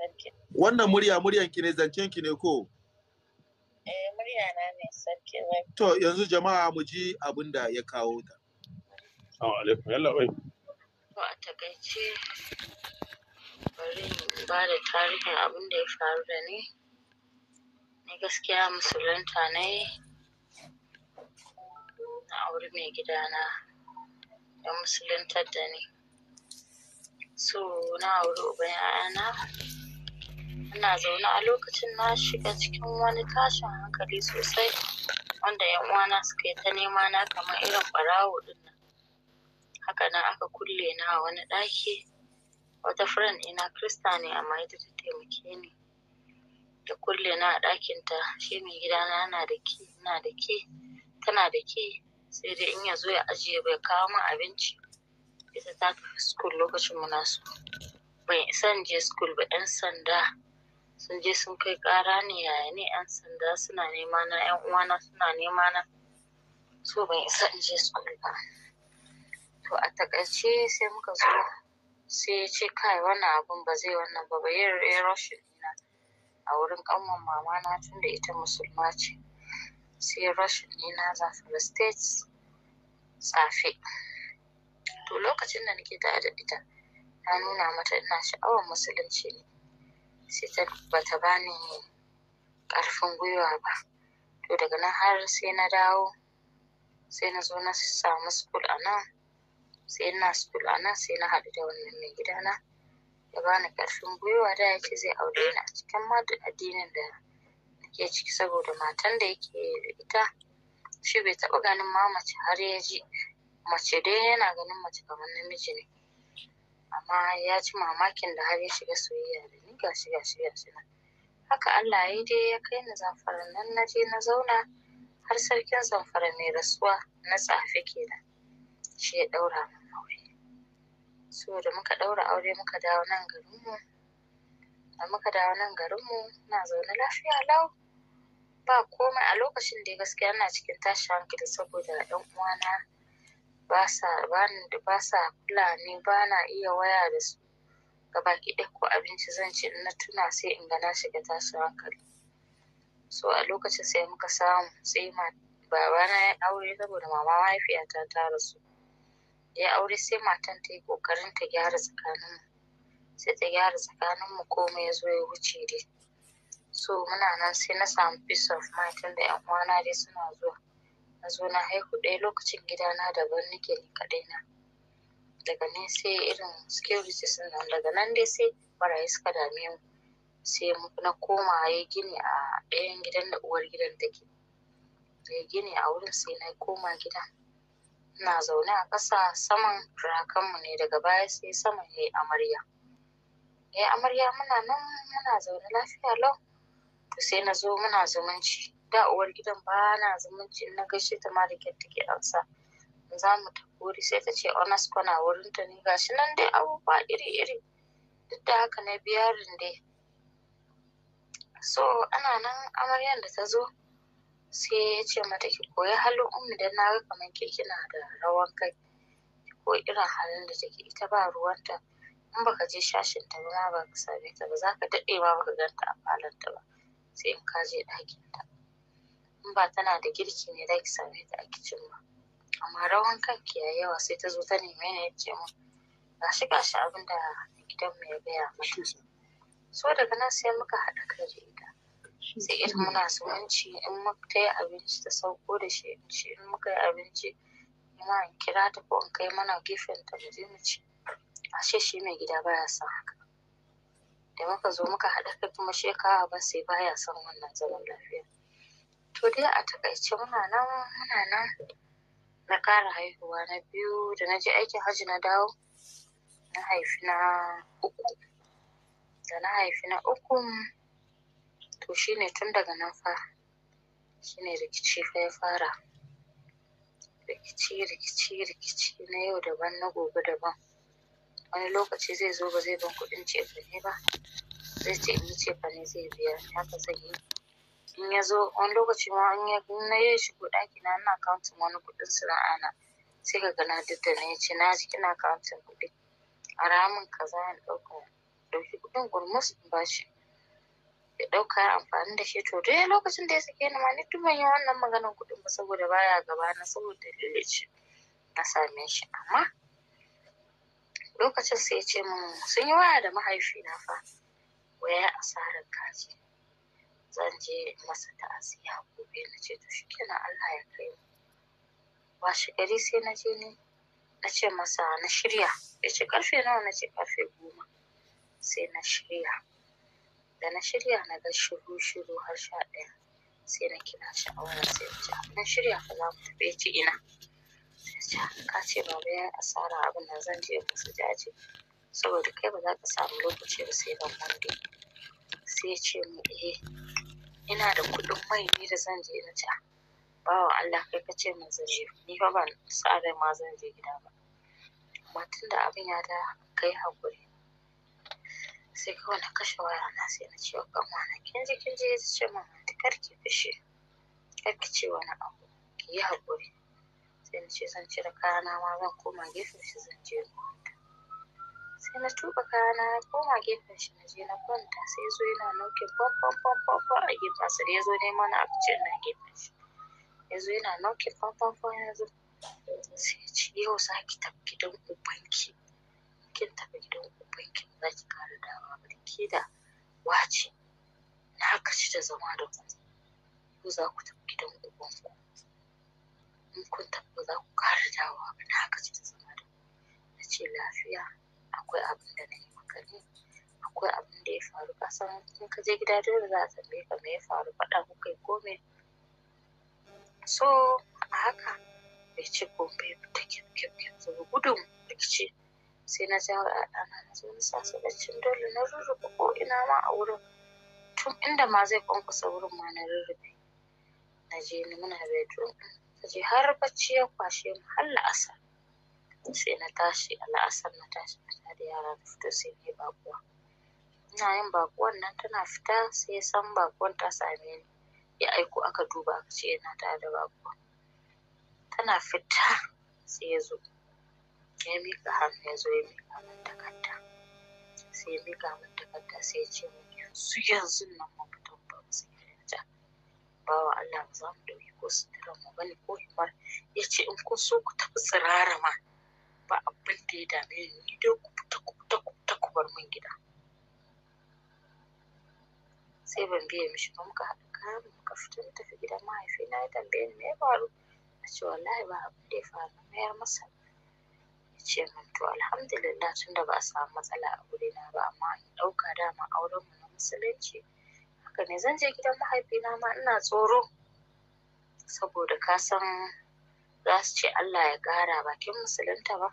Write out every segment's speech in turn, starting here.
sarki. Wannan murya muryan ki ne zancen ki ne ko? Eh murya na ne sarki. To yanzu jama'a mu ji abin da ya kawo ta. Assalamu alaikum. Yalla bai. To a takaice bari in ba da tarihin abin da ya faru da ni. Ni gaskiya musulunta ne, na auri mai gidana da musuluntar da ni. so na auri ubayana ina zaune a lokacin na shiga cikin wani tashin hankali sosai wanda yan uwana suka yi ta nema na kamar irin barawo din haka nan aka kulle na a wani ɗaki wata friend ina krista ne amma ita ta taimake ni ta kulle na a ɗakinta shi mai gidana na da ke na da ke tana da ke, sai dai in ya zo ya ajiye bai kawo min abinci ita ta tafi school lokacin na so ban isa je school ba ɗan sanda sun je sun kai ƙara ne yaya ne yan sanda suna nema na yan uwana suna nema na so ban isa in je school ba to a takaice sai muka zo sai ya ce kai wannan abun ba zai wannan ba ba yin rashin ina a wurin kanwan mama na tunda ita musulma ce sai rashin ina da states safe to lokacin da nake tare da ita na nuna mata ina sha'awar musulunci ne sai ta bata bani karfin gwiwa ba to daga nan har sai na dawo sai na zo na samu school a nan sai na school a nan sai na haɗu da wannan mai gidana ya bani karfin gwiwa da yake zai aure ni a cikin addinin da ke ciki saboda matan da yake da ita shi bai taɓa ganin ma mace har ya ji mace dai yana ganin mace kamar namiji ne amma ya ji mamakin da har ya shiga soyayya da gashi gashi gashi haka Allah ya dai ya kai ni zamfara nan na je na zauna har sarkin zamfara mai rasuwa na tsafe kenan shi ya daura min aure so da muka daura aure muka dawo nan garinmu da muka dawo nan mu na zaune lafiya lau ba komai a lokacin da gaskiya ina cikin tashin hankali saboda yan uwana ba sa ba sa kula ni ba na iya waya da su gabaki ɗaya ko abinci zan ci na tuna sai in ga na shiga tashin hankali so a lokacin sai muka samu sai babana ya aure saboda mama mahaifiyata ta su. ya aure sai matan ta yi kokarin ta gyara tsakanin sai ta gyara tsakanin mu komai ya zo ya wuce dai so muna nan sai na samu peace of mind tun da yan uwana dai suna zuwa na zo na haihu ɗaya lokacin gidana daban nake ni kaɗai na daga nan sai irin sun nan daga nan dai sai barayi suka dame mu sai na koma ya gini a ɗayan gidan da uwar gidan take ya gini a wurin sai na koma gida na zaune a ƙasa saman rakanmu ne daga baya sai saman ya yi amarya ya yi amarya muna nan muna zaune lafiya lau to sai na zo muna zumunci da uwar gidan ba na zumunci na gaishe ta ma da take ansa za mu tafi gori sai ta ce onas kwana wurin ta ne shi nan dai abubuwa iri-iri duk da haka na biyarin dai so ana nan amaryar da ta zo sai ya ce mata ki koyi halin umu dan na ga kamar ke kina da rawan kai ki koyi irin halin da take ita ba ruwanta in baka je shashin ta ba ba ka same ta ba zaka daɗe ma baka ganta a falon ta ba sai in ka je dakin ta in ba tana da girki ne da ki same ta a kicin ba amma rawan kanki ya yawa sai ta zo ta neme ne ya ce mun ga shi abin da gidan mu ya gaya mata so daga nan sai muka haɗa kai da ita sai irin muna zumunci in muka yi abinci ta sauko da shi in ci in muka yi abinci ina in kira ta ko in kai mana gefen ta mu je mu ci shi mai gida baya son haka da muka zo muka haɗa kai kuma shekara ba sai baya son wannan zaman lafiya to dai a takaice muna nan muna nan na kara haihuwa na biyu da na je aikin hajji na dawo na haifi na uku da na haifi na uku to shine tun daga nan fa shine rikici fa ya fara rikici rikici rikici na yau daban na gobe daban wani lokaci zai zo ba zai ban kuɗin cefane ba zai ce in cefane zai biya haka zai yi in ya zo wani lokaci ma in ya na yi shigo ɗaki na ina kauntin wani kuɗin sana'a na sai ka gana dukkan ne ce na ji kina kauntin kuɗi a ramin kaza a ɗauka ɗauki kuɗin gurmus in ba shi ya ɗauka ya amfani da shi to dai lokacin da ya sake ni ma ni tun ban yi wannan maganar kuɗin ba saboda baya gaba na saboda lalace na same shi amma lokacin sai ya ce mun sun yi waya da mahaifina fa waya asarar kaji zan je masa ta'aziyya gobe na ce to shikenan Allah ya kai washe gari sai na je ni na ce masa na shirya ya ce karfe nawa na ce karfe goma sai na shirya da na shirya na ga shiru shiru har sha ɗaya sai na kira shi a wani sai ya ce na shirya ka za mu tafi ya ci ina ka ce ba bayan asara abin nan zan je musu jaje saboda kai ba za ka samu lokaci ba sai ban wande sai ya ce mu eh ina da kuɗin mai ne da zan je na ci ah, bawa Allah kai ka ce min zan je ni fa ban sa'adar ma zan je gida ba amma tunda abin ya da kai hakuri sai kawai na kashe waya na sai na ce wa kanwana kin ji kin ji ya ce min kar ki fishi kar ki ce wani abu ki yi hakuri sai na ce zan cire kayana ma zan koma gefen shi zan je ሲነጩበት ከነቁ ማጌጠሽ እነዚህ ነበር ሲይዙ ነው ኪፖፖፖፖ እየባሰ የዞ ደማና አብጭ እናጌጠሽ የዞና ነው ኪፖፖፖ ያዞ ሲች ይኸው ሳኪ ተብኪደው ቁባንኪ kin tafi gidan ubanki ba za ki kara dama ba ki da wace na haka ci da zama da ku ku za ku tafi gidan ubanku in kun ku za ku kara dawa ba na haka ci da zama da ku na ce lafiya akwai abin da na yi maka ne akwai abin da ya faru kasan in ka je gida dole za a tambaye ka me ya faru faɗa ko yi ko me so a haka bai ce ko bai fita kyakkyakkyar zuwa gudun rikici sai na wa ɗana na zo na sasa dole na rurrufe ko ina ma a wurin tun inda ma zai kwankwasa wurin ma na rurrufe na je ni muna bedroom na je har bacci ya kwashe mu har la'asar sai na tashi al'asar na tashi na da yara da fito sai na yi bakuwa ina yin bakuwan nan tana fita sai ya san bakuwan ta same ni ya aiko aka duba aka ce yana tare da bakuwa tana fita sai ya zo ya miƙa hannu ya zo ya miƙa min takarda sai ya miƙa min takarda sai ya ce min yanzu yanzu nan mu fito ba mu sai ya bawa Allah ba za mu ɗauki ko sutura mu bane ko himar ya ce in ko so ku tafi tsirara ma ba abin da ya dame ni ni dai ku fita min gida sai ban biya mishi ba muka haɗa kayan muka fita na tafi gidan mahaifina ya tambaye ni me ya faru a ce wallahi ba abin da ya faru na mayar masa ya ce min to alhamdulillah tun da ba a samu matsala a na ba amma in ɗauka dama auren mu na musulunci haka ne zan je gidan mahaifina ma ina tsoro saboda ka san za su ce Allah ya gara bakin musulunta ba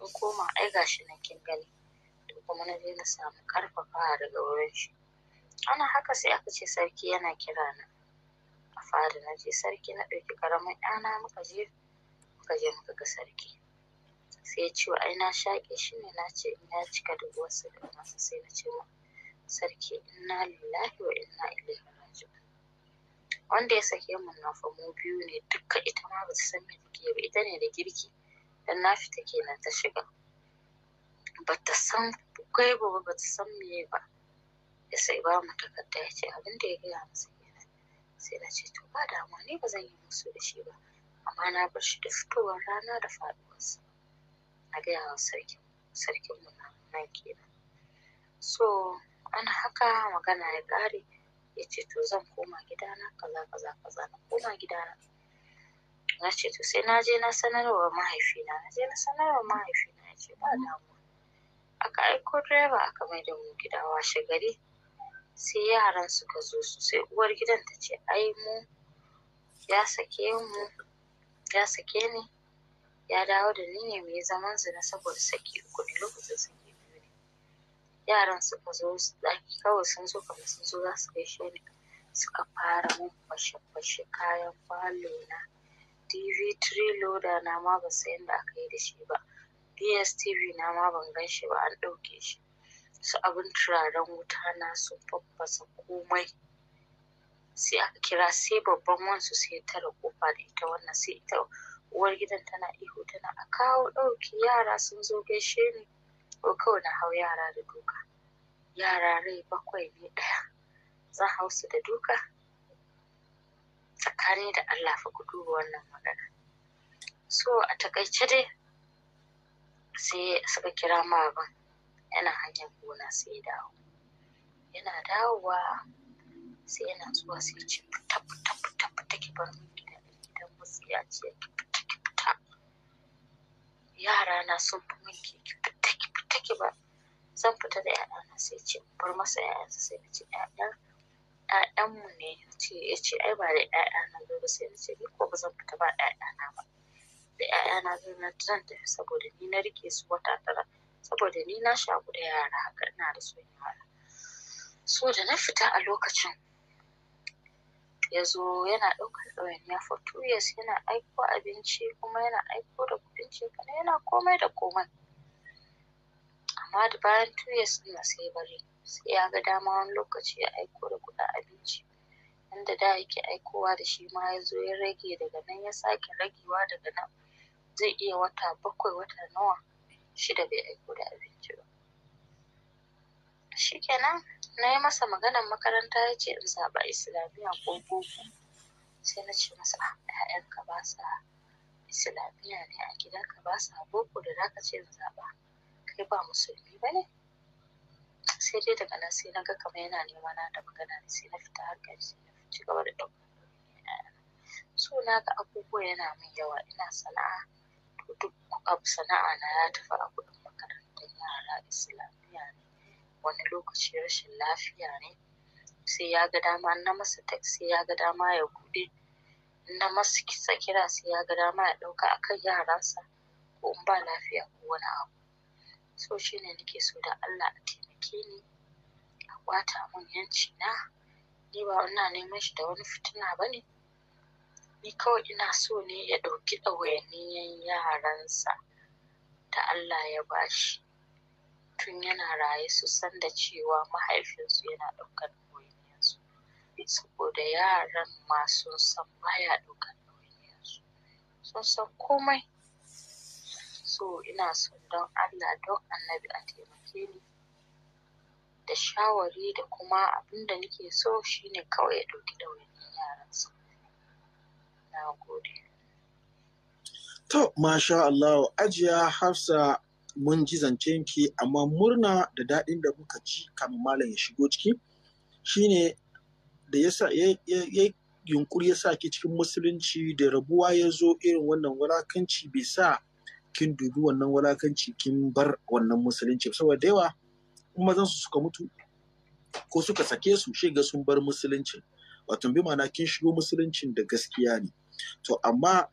in koma ai gashi nan kin gani to kuma na je na samu karfafa daga wurin shi ana haka sai aka ce sarki yana kira na a fada na je sarki na ɗauki karamin ɗana muka je muka je muka ga sarki sai ya ce ai na shaƙe shi ne na ce in ya cika da wasu da masu sai na ce ma sarki inna lillahi wa inna ilaihi wanda ya sake mun na famu biyu ne duka ita ma ba ta san me take ba ita ne da girki dan na fita kenan ta shiga ba ta san kai ba ba ta san me ba ya sai ba mu takarda ya ce abin da ya gaya masa kenan sai na ce to ba damuwa ne ba zan yi musu da shi ba amma na bar shi da fitowar rana da faduwarsa na gaya wa sarkin sarkin mu na kenan so ana haka magana ya ƙare yace to zan koma gidana kaza kaza kaza na koma gidana na ce to sai na je na sanarwa mahaifina na je na sanarwa mahaifina ya ce ba damuwa aka aiko direba aka mai da mu gida washe gari sai yaran suka zo su sai uwar gidan ta ce ai mu ya sake mu ya sake ni ya dawo da ni ne mai zaman zina saboda saki uku ne lokacin saki yaran suka zo su ɗaki kawai sun zo kamar sun zo za su gaishe ni suka fara mun fashe-fashe kayan falo na 3 loader na ma ba sai yadda aka yi da shi ba dstv na ma ban gan shi ba an ɗauke shi su abin turaren wuta na sun faffasa komai sai aka kira sai babban wansu sai tara kofa da ita wannan sai ita uwar gidan tana ihu tana a kawo ɗauki yara sun zo gaishe ni ko kawai na hau yara da duka yara rai bakwai ne ɗaya zan hau su da duka tsakani da Allah fa ku duba wannan magana so a takaice dai sai suka kira maban yana hanyar gona sai ya dawo yana dawowa sai yana zuwa sai ce fita fita fita fita ki bar min gidan ya ce ki fita ki fita yara na sun fi min ki fita take ba zan fita da ƴaƴana sai ce bar masa ƴaƴansa sai na ce ƴaƴanmu ne ya ce ai ba da ƴaƴana zo ba sai na ce ko ba zan fita ba ƴaƴana ba da ƴaƴana zo na zan tafi saboda ni na rike su wata tara saboda ni na sha da yara haka ina da son yara so da na fita a lokacin ya zo yana ɗaukar ɗawainiya for two years yana aiko abinci kuma yana aiko da kuɗin cefane yana komai da komai amma da bayan tuya ya ɗin sai bari sai ya ga dama wani lokaci ya aiko da kuɗa abinci inda da yake aikowa da shi ma ya zo ya rage daga nan ya sake ragewa daga nan zai iya wata bakwai wata nawa shida bai aiko da abinci ba shikenan na yi masa maganar makaranta ya ce in zaɓa islamiyya ko boko sai na ce masa ‘ya'yanka ah, ba sa islamiyya ne a gidanka ba sa boko da ka ce in zaɓa kai ba musulmi ba ne sai dai daga nan sai na ga kamar yana nema na da magana ne sai na fita harkar sai na ci gaba da ɗaukar so na ga abubuwa yana min yawa ina sana'a to duk abu sana'a na ya tafi a kuɗin makarantar yara islamiyya ne wani lokaci rashin lafiya ne sai ya ga dama na masa sai ya ga dama ya buɗe na masa kisa kira sai ya ga dama ya ɗauka akan yaransa ko in ba lafiya ko wani abu so shi nake so da Allah a taimake ni a kwata mun yanci na ni ba ina neman shi da wani fitina ba ne ni kawai ina so ne ya ɗauki ɗawainiyan yaransa da Allah ya bashi tun yana raye su san da cewa mahaifinsu yana ɗaukar ɗawainiyansu saboda yaran ma sun san baya ɗaukar ɗawainiyansu sun san komai so ina so don Allah don annabi a taimake ni da shawari da kuma abin da nake so shine kawai ya ɗauki ɗawainiyar su. na gode to masha Allah ajiya hafsa mun ji zancen ki amma murna da daɗin da muka ji kamar malam ya shigo ciki shine da yasa ya yunkuri ya sa ki cikin musulunci da rabuwa ya zo irin wannan wulakanci bai sa kin dubi wannan walakanci kin bar wannan musulunci saboda da yawa in mazan su suka mutu ko suka sake su shiga sun bar musulunci wato bi ma'ana kin shigo musuluncin da gaskiya ne to amma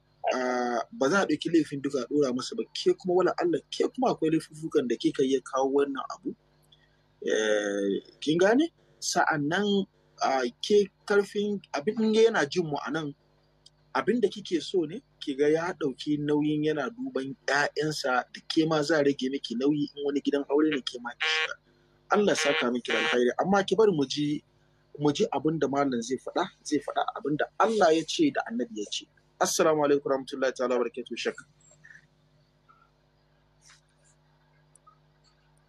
ba za a ɗauki laifin duka a ɗora masa ba ke kuma wala Allah ke kuma akwai laifukan da kika ya kawo wannan abu eh, kin gane sa'annan ke karfin abin yana jin mu a nan abin da kike so ne ki ga ya ɗauki nauyin yana duban ‘ya'yansa da ke ma za rage miki nauyi in wani gidan aure ne ke ma ki shiga. Allah saka miki da amma ki bar mu ji mu ji abin da malam zai faɗa zai faɗa abin da Allah ya ce da annabi ya ce. Assalamu alaikum warahmatullahi ta'ala barakatuhu shak.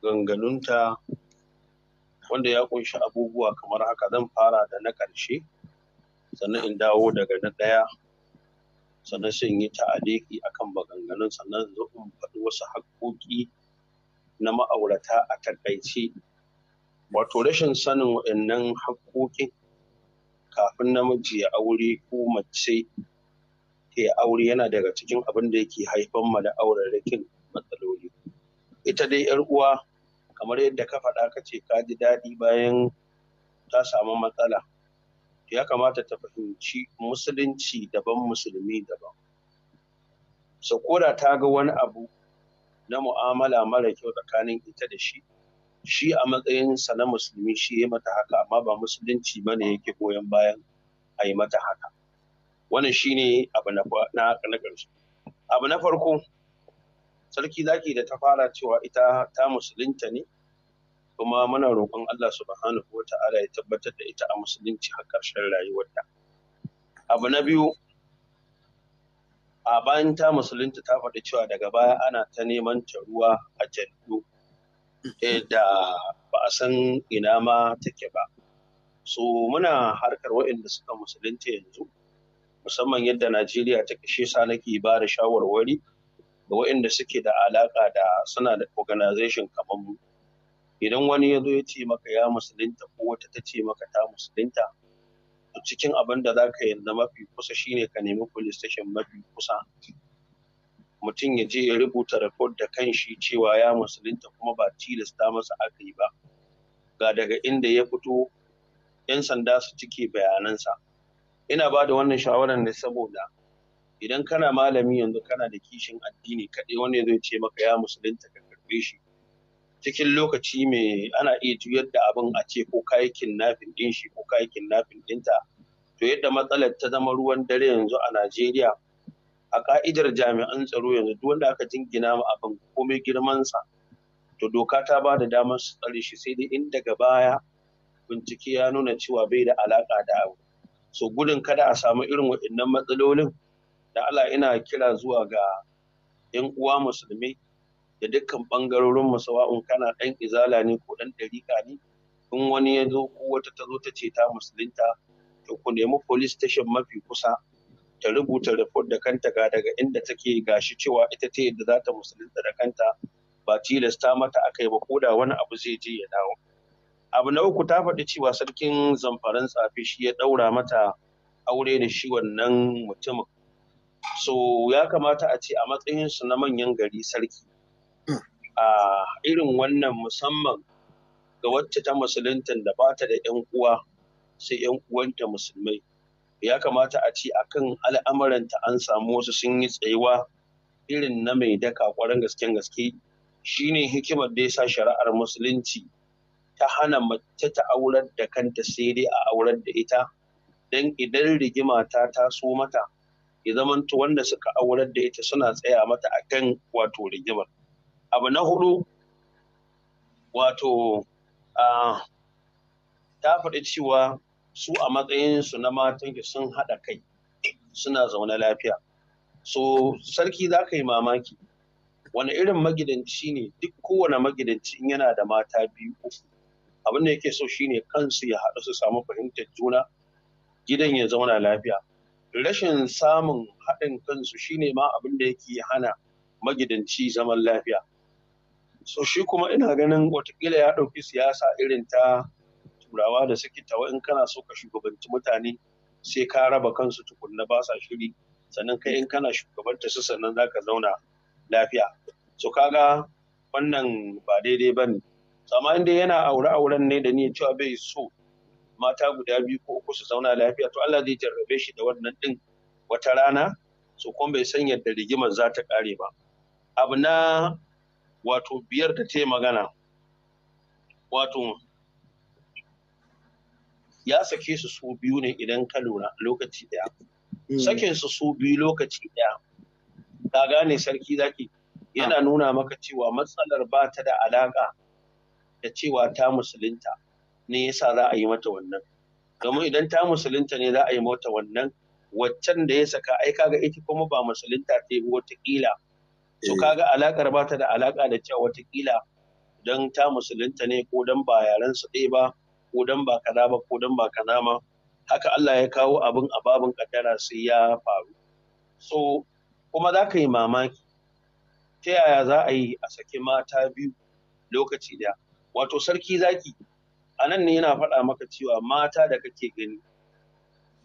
Ganganunta wanda ya kunshi abubuwa kamar haka zan fara da na ƙarshe sannan in dawo daga na ɗaya sannan sai in yi ta'aliki akan maganganun sannan zo in faɗi wasu haƙƙoƙi na ma'aurata a takaice wato rashin sanin waɗannan haƙƙoƙin kafin namiji ya aure ko mace yi aure yana daga cikin abin da yake haifar ma da aurarrakin matsaloli ita dai yar uwa kamar yadda ka faɗa ka ce ka ji daɗi bayan ta samu matsala ya kamata ta fahimci musulunci daban musulmi daban so koda ta ga wani abu na mu'amala mara kyau tsakanin ita da shi shi a matsayinsa na musulmi shi ya mata haka amma ba musulunci ba ne yake goyon bayan a yi mata haka wannan shi abu na na ƙarshe abu na farko sarki zaki da ta fara cewa ita ta musulunta ne kuma muna roƙon Allah subhanahu Ta'ala ya tabbatar da ita a musulunci har ƙarshen rayuwarta abu na biyu a bayan ta musulunta ta faɗi cewa daga baya ana ta neman ta ruwa a jaddu eh, da ba a san ina ma take ba so muna harkar waɗanda suka musulunta yanzu musamman yadda najeriya ta kashe sa nake ba da shawarwari ga waɗanda suke da alaƙa da suna da organization kamar mu idan wani ya zo ya ce maka ya musulunta ko wata ta ce maka ta musulunta to cikin abin da za ka na mafi kusa shine ka nemi police station mafi kusa mutum ya je ya rubuta report da kan shi cewa ya musulunta kuma ba tilasta masa aka yi ba ga daga inda ya fito 'yan sanda su cike bayanansa ina ba da wannan shawaran ne saboda idan kana malami yanzu kana da kishin addini kaɗai wani ya zo ya ce maka ya musulunta ka karɓe shi cikin lokaci mai ana iya juyar da abin a ce ko kayakin nafin ɗinshi shi ko kayakin nafin ɗinta to yadda matsalar ta zama ruwan dare yanzu a najeriya a ka'idar jami'an tsaro yanzu duk wanda aka jingina ma abin komai girman sa, to doka ta ba da damar su tsare shi sai dai in daga baya bincike ya nuna cewa bai da alaka da abu so gudun kada a samu irin waɗannan matsalolin da Allah ina kira zuwa ga 'yan uwa musulmi da dukkan ɓangarorin mu sawa'un kana ɗan izala ne ko dan ɗariƙa ne in wani ya zo ko wata ta zo ta ce ta musulunta to ku nemi police station mafi kusa ta rubuta report da kanta ga daga inda take gashi cewa ita ce da za ta musulunta da kanta ba tilasta mata akai ba ko da wani abu zai je ya dawo abu na uku ta faɗi cewa sarkin zamfaran tsafi shi ya ɗaura mata aure da shi wannan mutumin so ya kamata a ce a matsayinsu na manyan gari sarki a irin wannan musamman ga wacce ta musulunta da ba ta da 'yan uwa sai 'yan uwanta musulmai ya kamata a ce akan al'amuranta an samu wasu sun yi tsayuwa irin na mai daka kwarin gasken gaske shine hikimar da ya sa shari'ar musulunci ta hana mace ta aurar da kanta sai dai a aurar da ita don idan rigima ta taso mata ya zamanto wanda suka aurar da ita suna tsaya mata akan wato rigimar abu na hudu wato ta faɗi cewa su a matsayinsu na matan sun haɗa kai suna zaune lafiya so sarki za ka yi mamaki wani irin magidanci ne duk kowane magidanci in yana da mata biyu uku abin da yake so shine kansu ya haɗu su samu fahimtar juna gidan ya zauna lafiya rashin samun haɗin kansu shine ma abin da yake hana magidanci zaman lafiya so shi kuma ina ganin watakila ya ɗauki siyasa irin ta turawa da suke tawa in kana so ka shugabanci mutane sai ka raba kansu tukunna ba sa shiri sannan kai in kana shugabanta su sannan za ka zauna lafiya so kaga wannan ba daidai ba ne amma inda yana aure auren ne da ni cewa bai so mata guda biyu ko uku su zauna lafiya to Allah zai jarrabe shi da wannan din wata rana so kuma bai san yadda rigimar za ta kare ba abu na wato biyar da ta yi magana wato ya sake su su biyu ne idan ka lura lokaci ɗaya hmm. sakin su su biyu lokaci ɗaya ka gane sarki zaki yana ah. nuna maka cewa matsalar ba ta da alaƙa da cewa ta musulunta ne yasa za a yi mata wannan domin idan ta musulunta ne za a yi mata wannan waccan da ya saka aika ga ita kuma ba musulunta ta yi wataƙila so eh. kaga alakar ba ta da alaka da cewa watakila don ta musulunta ne ko don ba yaren su ɗaya ba ko don ba kaza ba ko don ba kaza ma haka Allah ya kawo abin a babin kaddara sai ya faru so kuma za ka yi mamaki ta yaya za a yi a saki mata biyu lokaci ɗaya? wato sarki zaki a nan ne yana faɗa maka cewa mata da kake gani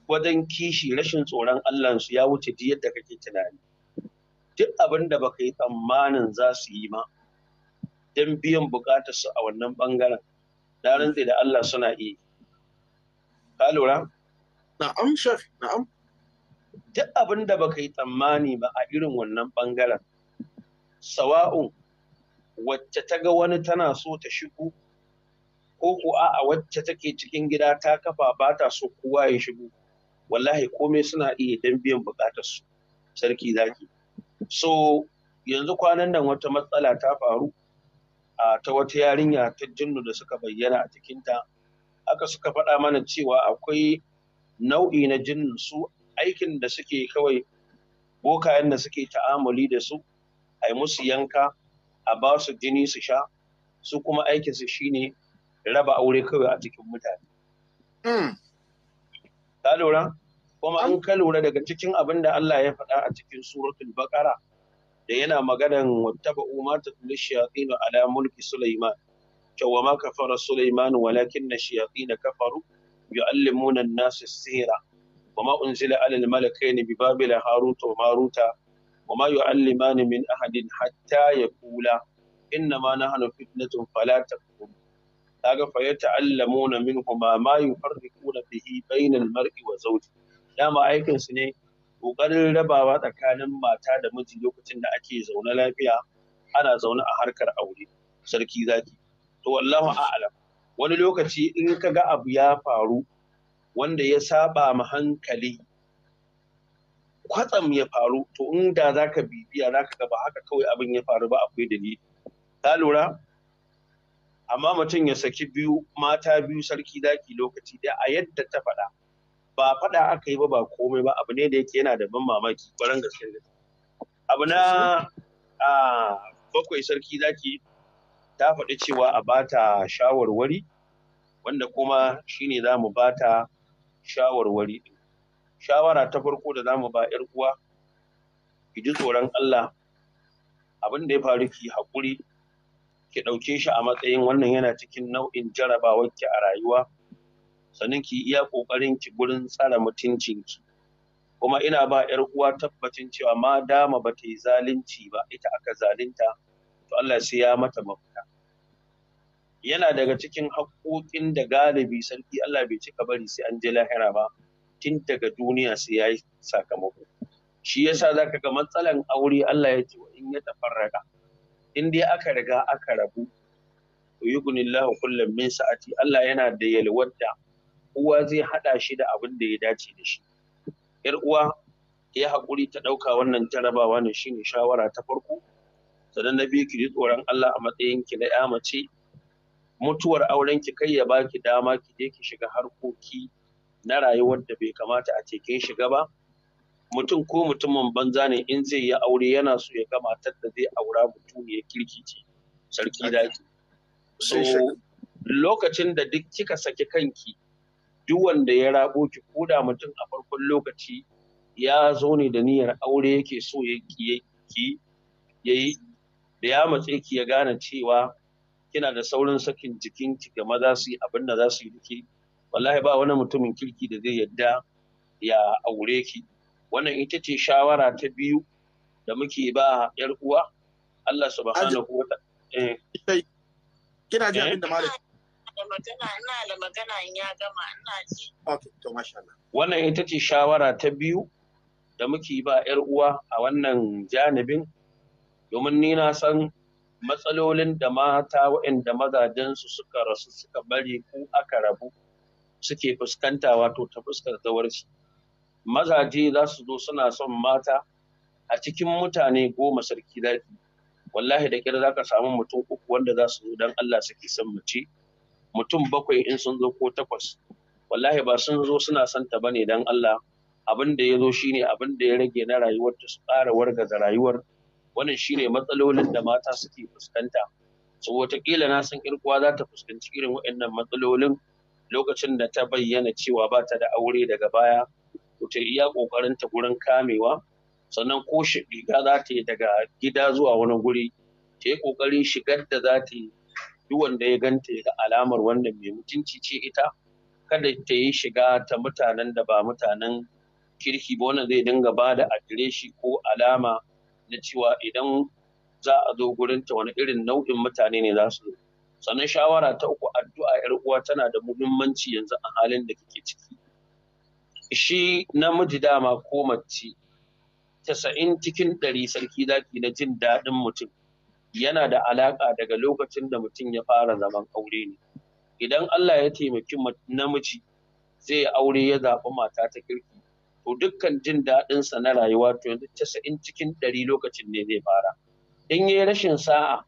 wajen kishi rashin tsoron su ya wuce duk yadda kake tunani duk abin da baka yi tsammanin za su yi ma don biyan su a wannan bangaren na rantse da Allah suna iya ka lura na'am Shafi, na'am duk abin da baka yi tsammani ba a irin wannan bangaren sawa'un wacce ta ga wani tana so ta shigo ko kuwa a wacce take cikin gida ta kafa ba ta so kowa ya shigo wallahi komai suna iya don biyan bukatarsu sarki zaki so yanzu kwanan nan wata matsala ta faru a ta wata yarinya ta jinnu da suka bayyana a cikinta aka suka faɗa mana cewa akwai nau'i na jinnu su aikin da suke kawai bokayen da suke ta'amuli da su a yi musu yanka a ba su jini su sha su kuma aikinsu shine raba aure kawai a cikin mutane. Ta hmm. lura? kuma an ka lura daga cikin abin da Allah ya faɗa a cikin suratul baqara da yana maganan wattaba umma ta shayatin ala mulki sulaiman cewa ma kafara sulaiman walakin shayatin kafaru yu'allimuna an-nasa sihra وما أنزل على الملكين ببابل هاروت وماروت وما يعلمان من أحد حتى يقولا إنما نحن فتنة فلا تكفر kaga fa yata'allamuna minhuma ma yufarriquna bihi bainal mar'i wa zawji dama aikin su ne ƙoƙarin rabawa tsakanin mata da miji lokacin da ake zaune lafiya ana zaune a harkar aure sarki zaki to wallahu a'lam wani lokaci in ka ga abu ya faru wanda ya saba ma hankali kwatsam ya faru to in da za ka bibiya za ka gaba haka kawai abin ya faru ba akwai dalili ka lura amma mutum ya saki biyu mata biyu sarki zaki lokaci da a yadda ta faɗa ba faɗa aka yi ba ba komai ba abu ne da yake yana da ban mamaki ƙwarar gaske abu na bakwai sarki zaki ta faɗi cewa a ba ta shawarwari wanda kuma shine za mu ba ta shawarwari shawara ta farko da za mu ba 'yar uwa ki ji tsoron Allah abin da ya faru ki haƙuri ki ɗauke shi a matsayin wannan yana cikin nau'in jarabawar ki a rayuwa sannan ki iya ƙoƙarin ki gurin tsara mutuncin ki kuma ina ba yar uwa tabbacin cewa ma dama ba ta yi zalunci ba ita aka zalunta to Allah sai ya mata mafita yana daga cikin haƙoƙin da galibi sarki Allah bai cika bari sai an je lahira ba tun daga duniya sai ya yi sakamako shi yasa zaka ga matsalan aure Allah ya ce in ya tafarraka in dai aka riga aka rabu yugunillahu kullum min sa'ati Allah yana da yalwar Uwa zai haɗa shi da abin da ya dace da shi yar uwa ya haƙuri ta ɗauka wannan jarabawa ne shine shawara ta farko sannan na biyu ki ji tsoron Allah a matsayin ki na ya mace mutuwar auren ki kai ya baki dama ki je ki shiga harkoki na rayuwar da bai kamata a ce kin shiga ba mutum ko mutumin banza ne in zai yi aure yana so ya kamata da zai aura mutum ya kirki ce sarki daki so lokacin da duk kika saki kanki duk wanda ya rabo ki koda mutum a farkon lokaci ya zo ne da niyyar aure yake so ya ki yayi da ya matse ki ya gane cewa kina da saurin sakin jikin ki ga maza su yi abin da za su yi duke wallahi ba wani mutumin kirki da zai yadda ya aure ki wannan ita ce shawara ta biyu da muke ba yar uwa Allah subhanahu wa ta'ala eh. kina ji eh? abin da malam wannan ita ce shawara ta biyu da muke ba yar uwa a wannan janibin domin ni na san matsalolin da mata waɗanda mazajensu suka rasu suka bari ko aka rabu suke fuskanta wato ta fuskar zawarci mazaje za su zo suna son mata a cikin mutane goma sarki zafi wallahi da kira za ka samu mutum uku wanda za su zo don Allah suke son mace mutum bakwai in sun zo ko takwas wallahi ba sun zo suna santa ba ne don Allah abin da ya zo shine abin da ya rage na rayuwar ta su ƙara wargaza rayuwar wannan shine matsalolin da mata suke fuskanta so wataƙila na san irkuwa za ta fuskanci irin waɗannan matsalolin lokacin da ta bayyana cewa ba ta da aure daga baya ko ta iya ƙoƙarin ta gurin kamewa sannan ko shiga za ta yi daga gida zuwa wani guri ta yi ƙoƙarin shigar da za ta yi duk wanda ya ganta ya ga alamar wannan mai mutunci ce ita kada ta yi shiga ta mutanen da ba mutanen kirki ba wannan zai dinga ba da adireshi ko alama na cewa idan za a zo gurinta wani irin nau'in mutane ne za su sannan shawara ta uku addu'a yar uwa tana da muhimmanci yanzu a halin da kake ciki shi namiji dama ko mace tasa'in cikin ɗari sarki zaki na jin daɗin mutum yana da alaƙa daga lokacin da mutum ya fara zaman aure ne idan Allah ya taimaki namiji zai aure ya zaɓi mata ta kirki to dukkan jin daɗinsa na rayuwa to yanzu casa'in cikin ɗari lokacin ne zai fara in yi rashin sa'a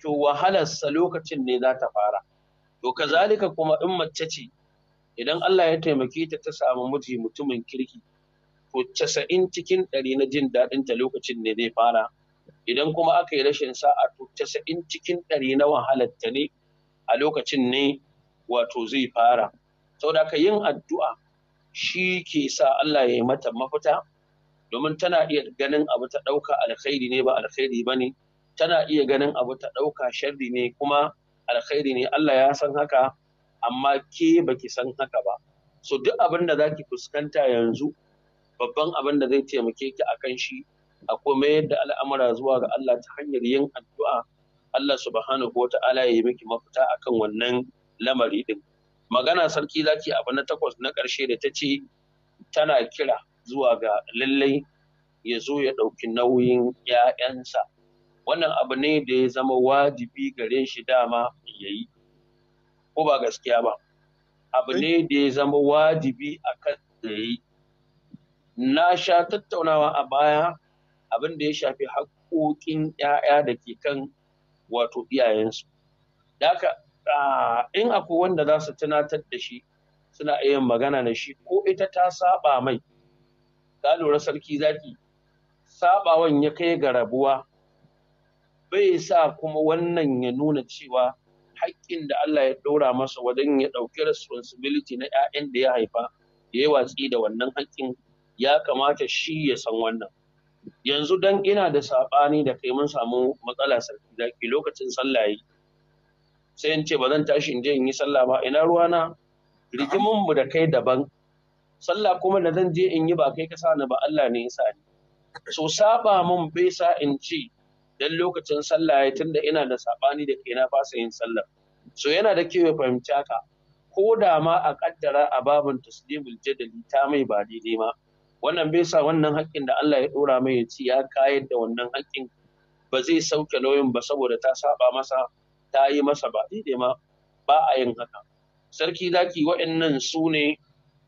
to wahalarsa lokacin ne za ta fara to kazalika kuma in mace ce idan Allah ya taimake ta ta samu miji mutumin kirki to casa'in cikin ɗari na jin daɗinta lokacin ne zai fara idan kuma aka yi rashin sa'a to casa'in cikin ɗari na wahalatta ne a lokacin ne wato zai fara saboda ka yin addu'a shi ke sa Allah ya yi mata mafita domin tana iya ganin abu ta ɗauka alkhairi ne ba alkhairi ba ne tana iya ganin abu ta ɗauka sharri ne kuma alkhairi ne Allah ya san haka amma ke baki san haka ba so duk abin da za ki fuskanta yanzu babban abin da zai taimake ki akan shi a kuma yadda al'amura zuwa ga Allah ta hanyar yin addu'a Allah subhanahu wa ta'ala ya yi miki mafita akan wannan lamari din magana sarki zaki abu na takwas na ƙarshe da ta ce tana kira zuwa ga lallai ya zo ya ɗauki nauyin 'ya'yansa wannan abu ne da ya zama wajibi gare shi dama ya yi ko ba gaskiya ba abu ne da ya zama wajibi a da ya yi na sha tattaunawa a baya abin da ya shafi haƙoƙin 'ya'ya da ke kan wato iyayensu daka in akwai wanda za su tunatar da shi suna iya magana da shi ko ita ta saɓa mai ka lura sarki zaki Saɓawan ya kai ga rabuwa bai sa kuma wannan ya nuna cewa haƙƙin da Allah ya ɗora masa wajen ya ɗauki responsibility na 'ya'yan da ya haifa ya yi watsi da wannan haƙƙin ya kamata shi ya san wannan yanzu dan ina da saɓani da kai mun samu matsala sarki zaki lokacin sallah yi sai in ce ba zan tashi in je in yi sallah ba ina ruwa na? rigimin mu da kai daban sallah kuma da zan je in yi ba kai ka sani ba Allah ne ya ni. so saba mun bai sa in ce dan lokacin sallah ya tunda ina da saɓani da kai na fasa yin sallah so yana da kyau fahimci haka ko da ma a kaddara a babin taslimul jadali ta mai ba daidai ma wannan bai sa wannan haƙƙin da Allah ya ɗora mai ya ci ya kayar da wannan haƙƙin ba zai sauke nauyin ba saboda ta saba masa ta yi masa ba daidai ma ba a yin haka sarki zaki wa'annan su ne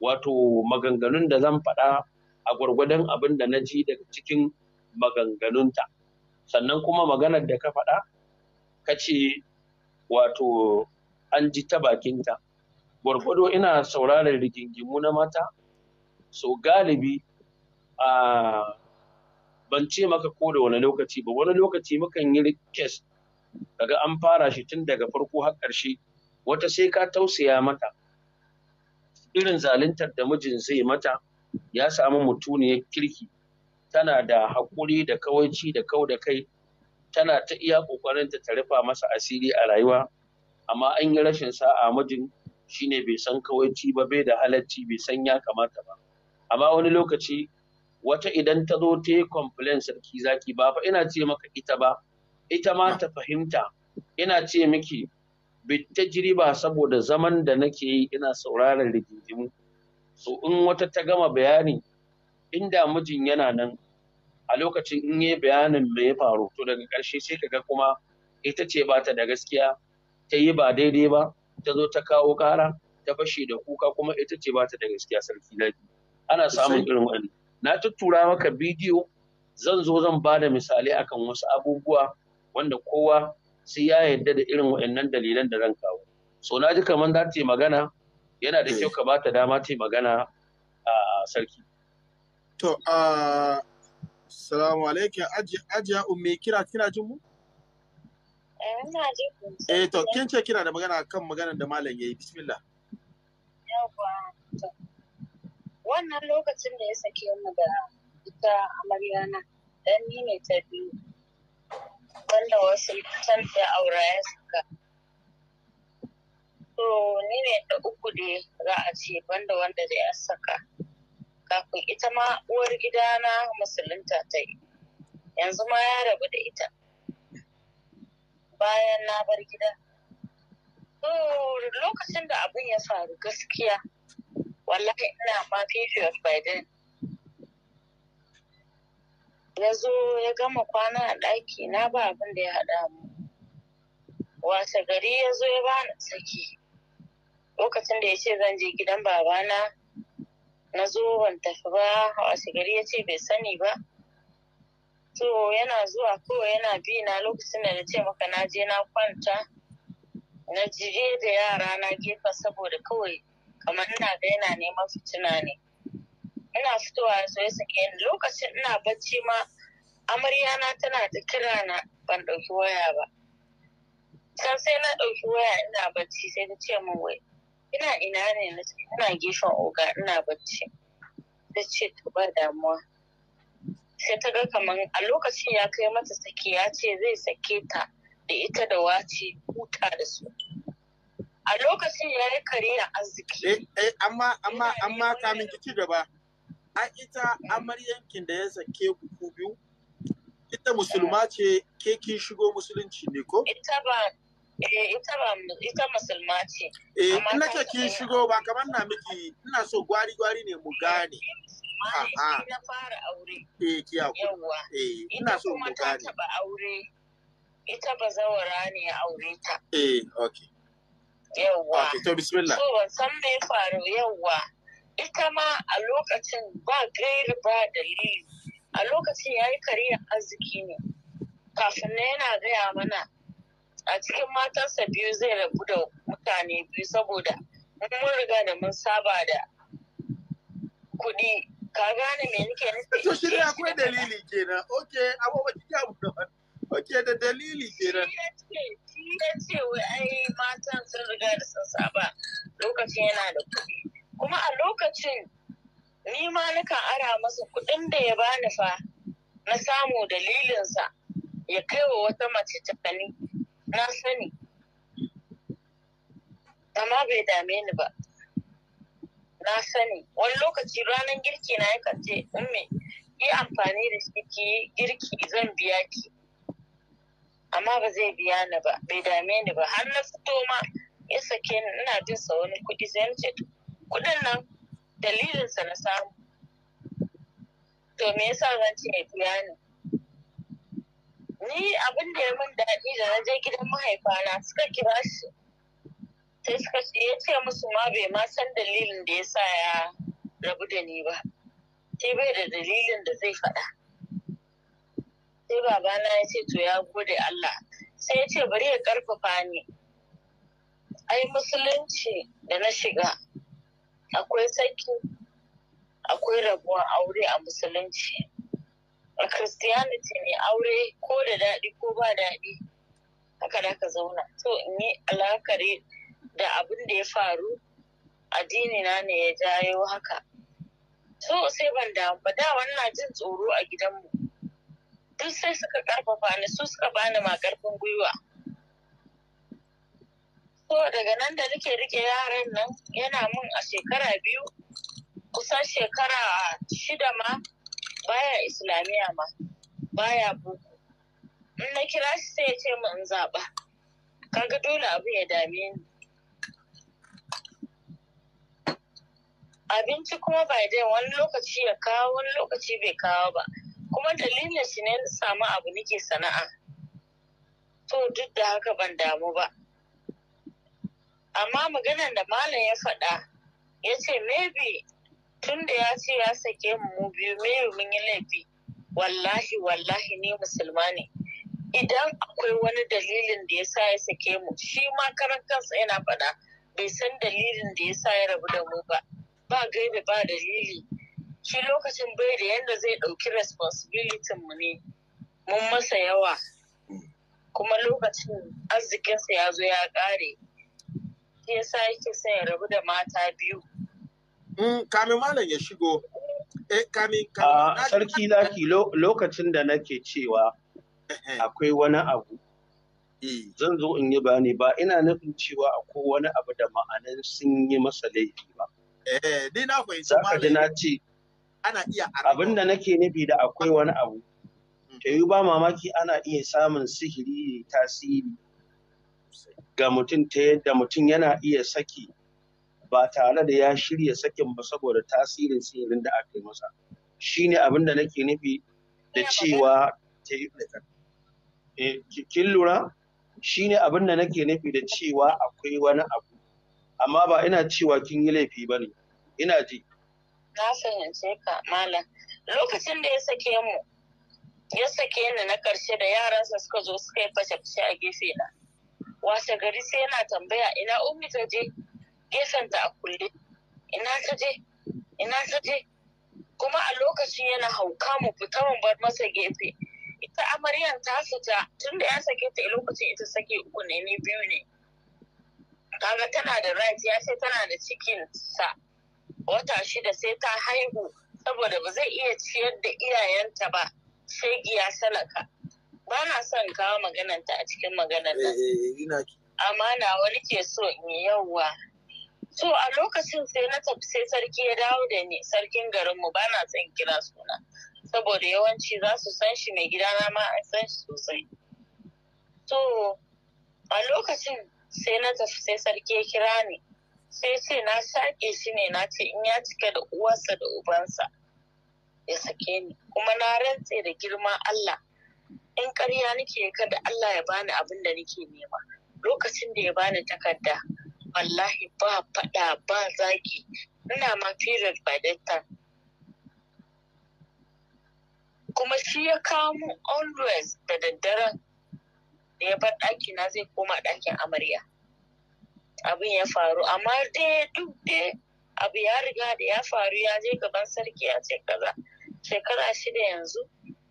wato maganganun da zan faɗa a gwargwadon abin da na ji daga cikin maganganunta sannan kuma maganar da ka faɗa ka ce wato an ji ta bakinta gwargwado ina sauraron rigingimu na mata so galibi a ban ce maka ko da wani lokaci ba wani lokaci mukan yi kes kaga an fara shi tun daga farko har ƙarshe wata sai ka tausaya mata irin zaluntar da mijin zai mata ya samu mutuniyar kirki tana da haƙuri da kawaici da kau da kai tana ta iya ƙoƙarin ta rufa masa asiri a rayuwa amma an yi rashin sa'a mijin shine bai san kawaici ba bai da halacci bai san ya kamata ba amma wani lokaci wata idan ta zo ta yi complain sarki zaki ba fa ina ce maka ita ba ita ma ta fahimta ina ce miki bitta jiriba saboda zaman da nake yi ina sauraron rigingimu so in wata ta gama bayani inda mijin yana nan a lokacin in yi bayanin me ya faru to daga ƙarshe sai kaga kuma ita ce ba ta da gaskiya ta yi ba daidai ba ta zo ta kawo kara ta fashe da kuka kuma ita ce ba ta da gaskiya sarki lafiya ana samun irin wani na tuttura maka bidiyo zan zo zan ba da misali akan wasu abubuwa wanda kowa sai ya yarda da irin wa'annan dalilan da zan kawo so na ji kamar za ta magana yana da kyau eh. ka ba ta dama ta magana a sarki to a salamu alaikum ajiya umme kira kina jin mu eh, eh to kin ce kina da magana kan maganar da malam yayi bismillah yawwa wannan lokacin da ya sake mu da ita amarya na dan ni ne ta biyu wanda wasu can da aura ya saka to ni ne ta uku da za a ce banda wanda da ya saka kafin ita ma uwar gidana musulunta ta yi yanzu ma ya rabu da ita bayan na bar gida lokacin da abin ya faru gaskiya wallahi ina ma fifiyos by then ya zo ya gama kwana a ɗaki na ba abin da ya haɗa mu wata gari ya zo ya bani saki lokacin da ya ce zan je gidan babana na zo ban tafi ba wata gari ya ce bai sani ba to yana zuwa kawai yana bi na lokacin da na ce maka na je na kwanta na jire da yara na gefa saboda kawai kamar ina ga yana neman fitina ne ina fitowa so ya sake ni lokacin ina bacci ma amarya na tana ta kira na ban ɗauki waya ba san sai na ɗauki waya ina bacci sai ta ce min wai ina ina ne na ina gefen oga ina bacci ta ce ta ba damuwa sai ta ga kamar a lokacin ya kai mata saki ya ce zai sake ta da ita da wace huta da su a lokacin ya yi kare na arziki. Eh, eh amma, amma, amma kamin ki gaba, a ita amaryankin da ya sake ku biyu, ita musulma eh. ce ke kin shigo musulunci ne ko? Ita ba, eh, ita ba, ita musulma ce. Eh, ina ce kin shigo ba kamar na miki, ina so gwari-gwari ne mu gane. A'a. Eh, na fara aure. Eh, Yawwa. Eh, ina so mu gane. Ita kuma ta taɓa aure, ita ba zawara ne aure ta. Eh, okay. yawwa to bismillah so ban san me faru yawwa ita ma a lokacin ba gairi ba dalili a lokacin ya yi kariyar arziki ne kafin na yana gaya mana a cikin matarsa biyu zai rabu da mutane biyu saboda mun riga da mun saba da kuɗi ka gane me nake nufi to shi akwai dalili kenan okay abubuwa kike abu da okay da dalili kenan in ce wai ai matan sun riga da sun saba lokacin yana da kuɗi kuma a lokacin ni ma nakan ara masa kuɗin da ya bani fa na samu dalilinsa ya kai wa wata mace tafani na sani amma bai dame ni ba na sani wani lokaci ranar girki na yakan ce umme yi amfani da shi ki girki zan biya ki amma ba zai biya ni ba bai dame ni ba har na fito ma ya sake ni ina jin sa wani kuɗi sai na ce kuɗin nan dalilinsa na samu to me yasa zan ce ya biya ni ni abin da ya min daɗi da na je gidan mahaifana suka kira shi sai suka ce ya ce musu ma bai ma san dalilin da ya sa ya rabu da ni ba sai bai da dalilin da zai faɗa sai babana ya ce to ya gode Allah sai ya ce bari ya karfafa ni ai musulunci da na shiga akwai saki akwai rabuwar aure a musulunci a christianity ne aure ko da daɗi ko ba daɗi haka da ka zauna to in yi alakari da abin da ya faru addini na ne ya jayo haka so sai ban damu ba da wannan jin tsoro a gidanmu duk sai suka karfafa ni su suka bani ma karfin gwiwa so daga nan da nike rike yaran nan yana mun a shekara biyu kusan shekara shida ma baya islamiya ma baya buku in na kira shi sai ya ce mu in zaɓa kaga dole abu ya dame ni abinci kuma ba dai wani lokaci ya kawo wani lokaci bai kawo ba kuma dalilin shi ne samu abu nake sana'a to duk da haka ban damu ba amma maganar da malam ya faɗa ya ce maybe tun da ya ce ya sake mu biyu maybe mun yi laifi wallahi wallahi ni musulma ne idan akwai wani dalilin da ya sa ya sake mu shi ma karan kansa yana faɗa bai san dalilin da ya sa ya rabu da mu ba ba gaibe ba dalili shi lokacin bai da yadda zai ɗauki responsibility mu ne mun masa yawa kuma lokacin arzikinsa ya zo ya ƙare ya sa yake son ya rabu da mata biyu mm, kamin malam ya shigo eh, a ah, sarki laki lokacin da nake cewa akwai wani abu eh. zan zo in yi bani ba ina nufin cewa akwai wani abu da ma'anan sun yi masa laifi ba. Eh, na fahimci. Zaka ji na ce ana iya abin da nake nufi da akwai wani abu mm. ta yi ba mamaki ana iya samun sihiri tasiri ga mutum ta yadda mutum yana iya saki ba tare da ya shirya sakin ba saboda tasirin sihirin da aka yi masa shine abin da nake nufi da cewa ta yi eh, kin lura shine abin da nake nufi da cewa akwai wani abu amma ba ina cewa kin yi laifi ba ne ina ji na fahimce ka malam lokacin da ya sake mu ya sake ni na karshe da yaransa suka zo suka yi fashe-fashe a gefe na washe gari sai yana tambaya ina ummi ta je gefen ta a kulle ina ta je ina ta je kuma a lokacin yana hauka mu fita mu bar masa gefe ita amaryan ta fita tun da ya sake ta lokacin ita sake uku ne ni biyu ne kaga tana da right ya ce tana da cikin sa wata shida sai ta haihu saboda ba zai iya ciyar da iyayenta ba giya salaka ba na son kawo magananta a cikin maganar nan amana wani ke so in yi yawwa so a lokacin sai na tafi sai sarki ya dawo da ni sarkin garinmu ba na son kira suna saboda yawanci za su san shi mai na ma an san shi sosai to a lokacin sai na tafi sai sarki ya kira ni sai ce na shaƙe shi ne na ce in ya cika da uwarsa da ubansa ya sake ni kuma na rantse da girma Allah in ƙarya nake kada Allah ya bani abin da nake nema lokacin da ya bani takarda wallahi ba faɗa ba zaki, ina ma period by that time kuma shi ya kawo mu always da daddaren da ya bar na zai koma ɗakin amarya abin ya faru amma dai duk dai abu ya riga da ya faru ya je gaban sarki ya ce kaza shekara shida yanzu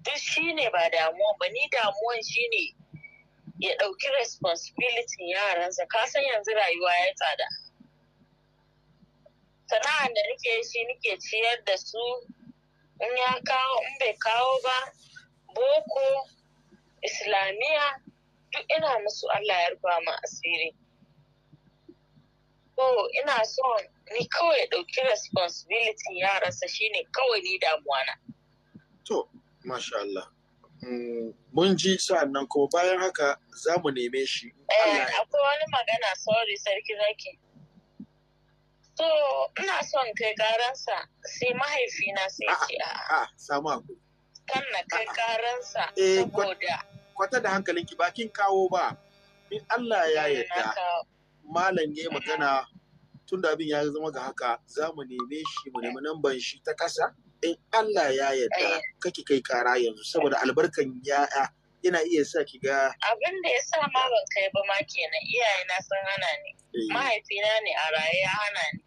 duk shine ba damuwa ba ni damuwan shine ya ɗauki responsibility yaransa ka san yanzu rayuwa ya tsada sana'ar da nake shi nake ciyar da su in ya kawo in bai kawo ba boko islamiyya duk ina musu allah ya rufa ma asiri so ina so ni kawai ya ɗauki responsibility yaransa shine kawai ni damuwa na. To, masha Allah. Mm, mun ji sa'an nan kuma bayan haka za mu neme shi. Eh, akwai wani magana sorry sarki zaki. So, ina son kai karansa sai mahaifina sai ce a. A, samu akwai. Kan na kai karansa eh, saboda. Kwata da hankalinki bakin kawo ba. In Allah ya yarda. Malam ya magana tunda abin ya zama ga haka za mu neme shi mu nemi namban shi ta kasa in Allah ya yarda eh. kake kai kara yanzu saboda albarkan ya'ya yana iya sa ki ga abin da ya sa ma ban kai ba ma kenan iyaye na sun hana ni eh. mahaifina ne a raye ya hana ni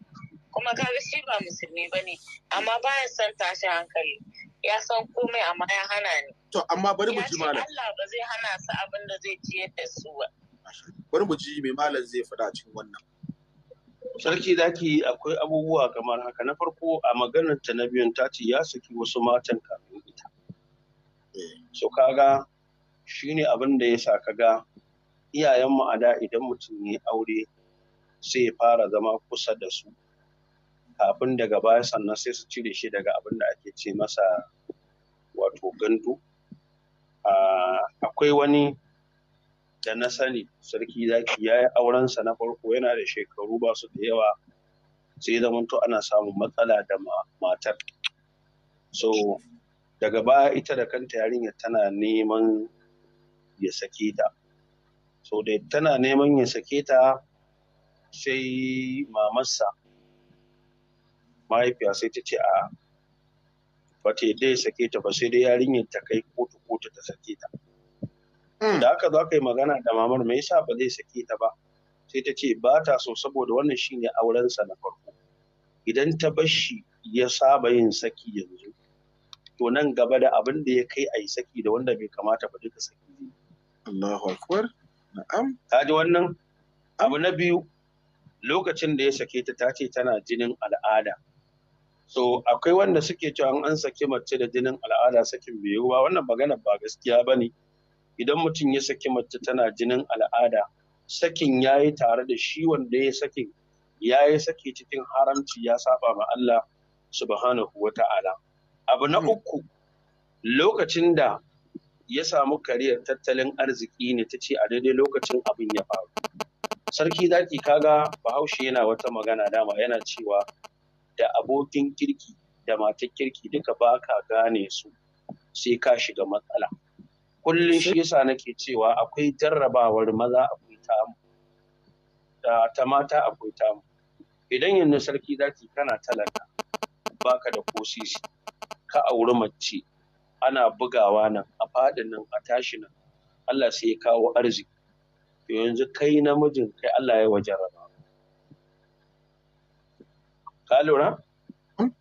kuma kaga shi ba musulmi ba ne, amma baya son tashi hankali ya san komai amma ya hana ni. To amma bari mu ji malam. Allah ba zai hana su abin da zai ciye da su ba. Bari mu ji mai malam zai faɗa cikin wannan. sarki zaki akwai abubuwa kamar haka na farko a maganar ta na biyun ta ce ya saki wasu matan kafin ita so kaga ne abin da ya sa kaga mu a da idan mutum ya aure sai ya fara zama kusa da su kafin daga baya sannan sai su cire shi daga abin da ake ce masa wato gandu ah, akwai wani da na sani sarki zaki ya yi aurensa na farko yana da shekaru ba su da yawa sai zamanto ana samun matsala da matar so daga baya ita da kanta yarinya tana neman ya sake ta so da tana neman ya sake ta sai mamarsa mahaifiya sai ta ce a ba ta dai sake ta ba sai dai yarinyar ta kai kotu kotu ta sake ta Mm. da aka zo aka yi magana da mamar me yasa ba zai sake ta ba sai ta ce ba ta so saboda wannan shine aurensa na farko idan ta bar shi ya saba yin saki yanzu to nan gaba da abin da ya kai a yi saki da wanda bai kamata ba duka saki Allahu akbar na'am ta ji wannan abu na biyu lokacin da ya sake ta tace tana jinin al'ada so akwai wanda suke cewa an sake mace da jinin al'ada sakin bai ba wannan magana ba gaskiya bane ne idan mutum ya saki mace tana jinin al'ada sakin ya yi tare da shi wanda ya saki ya yi saki cikin haramci ya saba ma Allah subhanahu wa ta'ala abu na hmm. uku lokacin da ya samu kariyar tattalin arziki ne ta ce a daidai lokacin abin ya faru sarki zaki kaga bahaushe yana wata magana dama yana cewa da abokin kirki da matar kirki duka ba ka gane su sai ka shiga matsala kullum shi yasa nake cewa akwai jarrabawar maza akwai tamu da ta mata akwai tamu idan yanzu sarki zaki kana talaka baka da kosisi ka auri mace ana bugawa nan a fadin nan a tashi nan Allah sai ya kawo arziki to yanzu kai namijin kai Allah ya wajen raba ka lura hmm?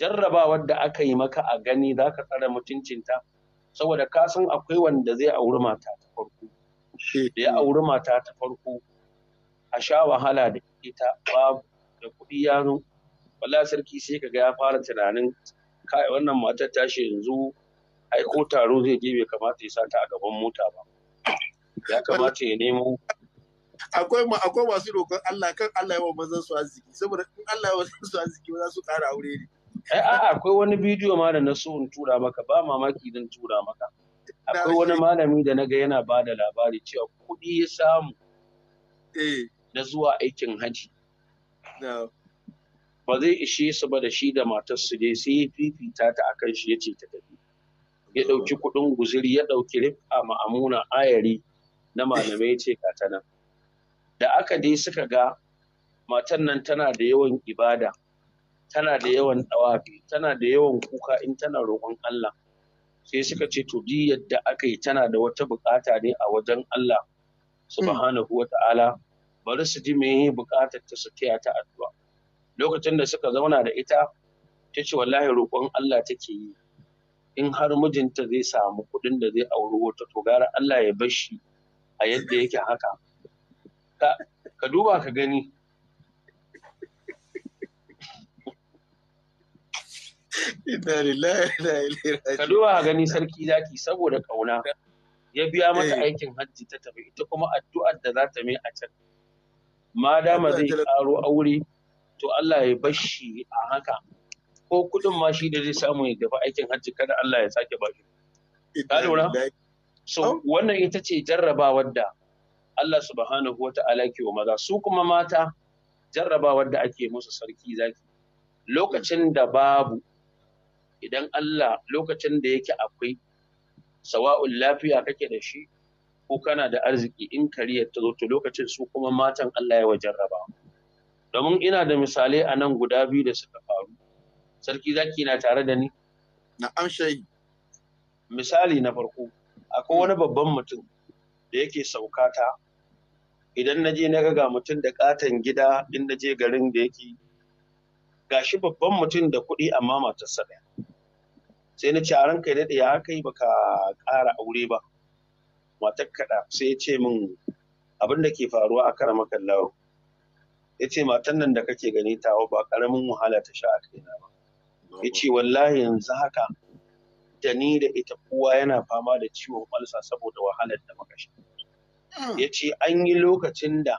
jarrabawar da aka yi maka a gani za ka tsare mutuncinta saboda ka san akwai wanda zai auri mata ta farko da ya auri mata ta farko a sha wahala da ita babu da kuɗi ya zo wallahi sarki sai kaga ya fara tunanin kai wannan matar tashi yanzu ai ko taro zai je bai kamata ya sata a gaban mota ba ya kamata ya nemo akwai akwai masu roƙon Allah kan Allah ya wa mazan su arziki saboda in Allah ya wa mazan su arziki ba za su ƙara aure ne a'a akwai wani bidiyo ma da na so in tura maka ba mamaki don tura maka akwai wani malami da naga yana ba da labari cewa kuɗi ya samu eh. Na zuwa aikin haji ba zai ishe su ba da shi da matar su dai sai ya fifita ta akan shi ya ce ta tafi ya ɗauki kuɗin guziri ya ɗauki rif'a ma'amuna ayari na malamai ya ce ga da aka dai suka ga matan nan tana da yawan ibada tana da yawan dawafi tana da yawan kuka in tana roƙon Allah sai suka ce to di yadda aka yi tana da wata bukata ne a wajen Allah subhanahu wa ta'ala bari su ji me bukatar ta su taya ta addu'a lokacin da suka zauna da ita ta ce wallahi roƙon Allah take yi in har mijinta zai samu kuɗin da zai auri wata to gara Allah ya bar shi a yadda yake haka ka duba ka gani Inna lillahi Ka duba gani sarki zaki saboda kauna ya biya mata eh. aikin hajji ta tafi ita kuma addu'ar da za ta mai a can. Ma dama zai karo aure to Allah ya bashi a haka ko kuɗin ma shi da zai samu ya tafi aikin hajji kada Allah ya sake bashi. Ka lura? So wannan ita ce jarrabawar da Allah subhanahu wa ta'ala ke wa maza su kuma mata jarrabawar da ake musu sarki zaki lokacin da babu idan Allah lokacin da yake akwai sawa'un lafiya kake da shi ko kana da arziki in kariyar ta zo ta lokacin su kuma matan Allah ya wajen raba domin ina da misalai a nan guda biyu da suka faru sarki zaki na tare da ni Na shayi misali na farko akwai wani babban mutum da yake saukata idan na je na ga mutum da katon gida in na je garin da yake gashi babban mutum da kuɗi amma matarsa ɗaya sai na ce a ranka daɗe ya kai baka ƙara aure ba matar kaɗa sai ya ce min abin da ke faruwa a kara makallawo ya ce matan nan da kake gani tawa ba ƙaramin wahala ta sha a kaina ba ya ce wallahi yanzu haka da ni da ita kowa yana fama da ciwon malsa saboda wahalar da muka sha ya ce an yi lokacin da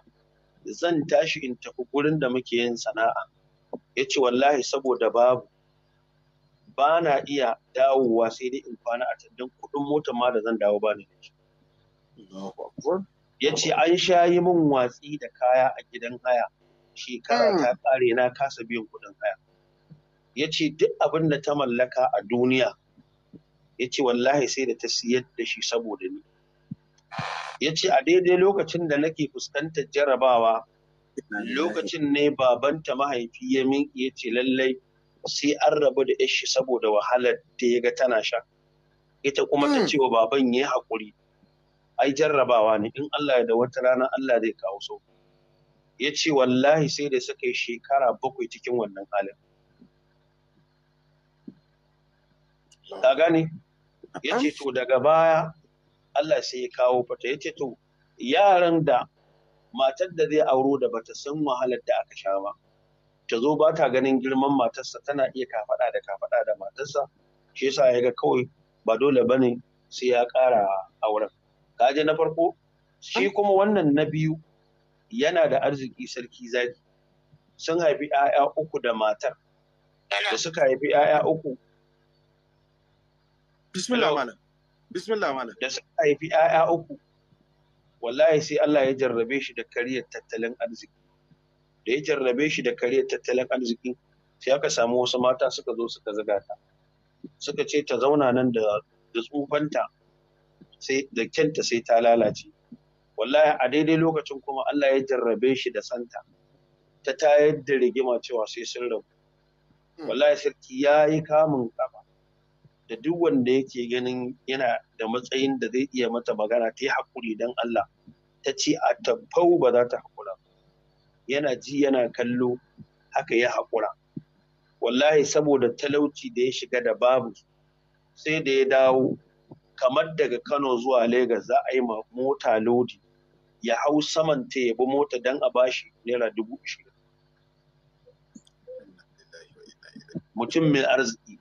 zan tashi in tafi gurin da muke yin sana'a ya ce wallahi saboda babu ba na iya dawowa sai dai in kwana a can kuɗin mota ma da zan dawo ba ni da ya ce an sha yi min watsi da kaya a gidan haya shekara hmm. ta ƙare na kasa biyan kuɗin haya ya ce duk abin da ta mallaka a duniya ya ce wallahi sai da ta siyar da shi saboda ni ya ce a daidai lokacin da nake fuskantar jarabawa lokacin ne babanta mahaifi ya minki ya ce lallai sai an rabu da ishi saboda wahalar da ya ga tana sha ita kuma ta hmm. ce wa baban ya haƙuri ai jarrabawa ne in Allah ya da wata rana Allah zai kawo so ya ce wallahi sai da suka yi shekara bakwai cikin wannan halin ta gane ya ce to daga baya Allah sai ya kawo fata ya ce to yaran da matar da zai auro da bata san wahalar da aka sha ba ta zo ba ta ganin girman matarsa tana iya kafaɗa da kafaɗa da matarsa shi yasa ya ga kawai ba dole bane sai ya ƙara auren kaje na farko shi kuma wannan na biyu yana da arziki sarki zaki sun haifi 'ya'ya uku da matar da suka haifi 'ya'ya uku bismillah malam bismillah malam da suka haifi 'ya'ya uku wallahi sai Allah ya jarrabe shi da kariyar tattalin arziki da ya jarrabe shi da kariyar tattalin arziki sai aka samu wasu mata suka zo suka zuga ta suka ce ta zauna nan da da tsufanta sai da kyanta sai ta lalace wallahi a daidai lokacin kuma Allah ya jarrabe shi da santa ta tayar da rigima cewa sai sun rabu hmm. wallahi sarki ya yi kamun kafa da duk wanda yake ganin yana da matsayin da zai iya mata magana ta yi haƙuri don Allah ta ce a tabbau ba za ta haƙura yana ji yana kallo haka ya haƙura wallahi saboda talauci da ya shiga da babu sai da ya dawo kamar daga Kano zuwa Legas za a yi mota lodi ya hau saman ta yabi mota don a bashi naira dubu ishirin mutum mai arziki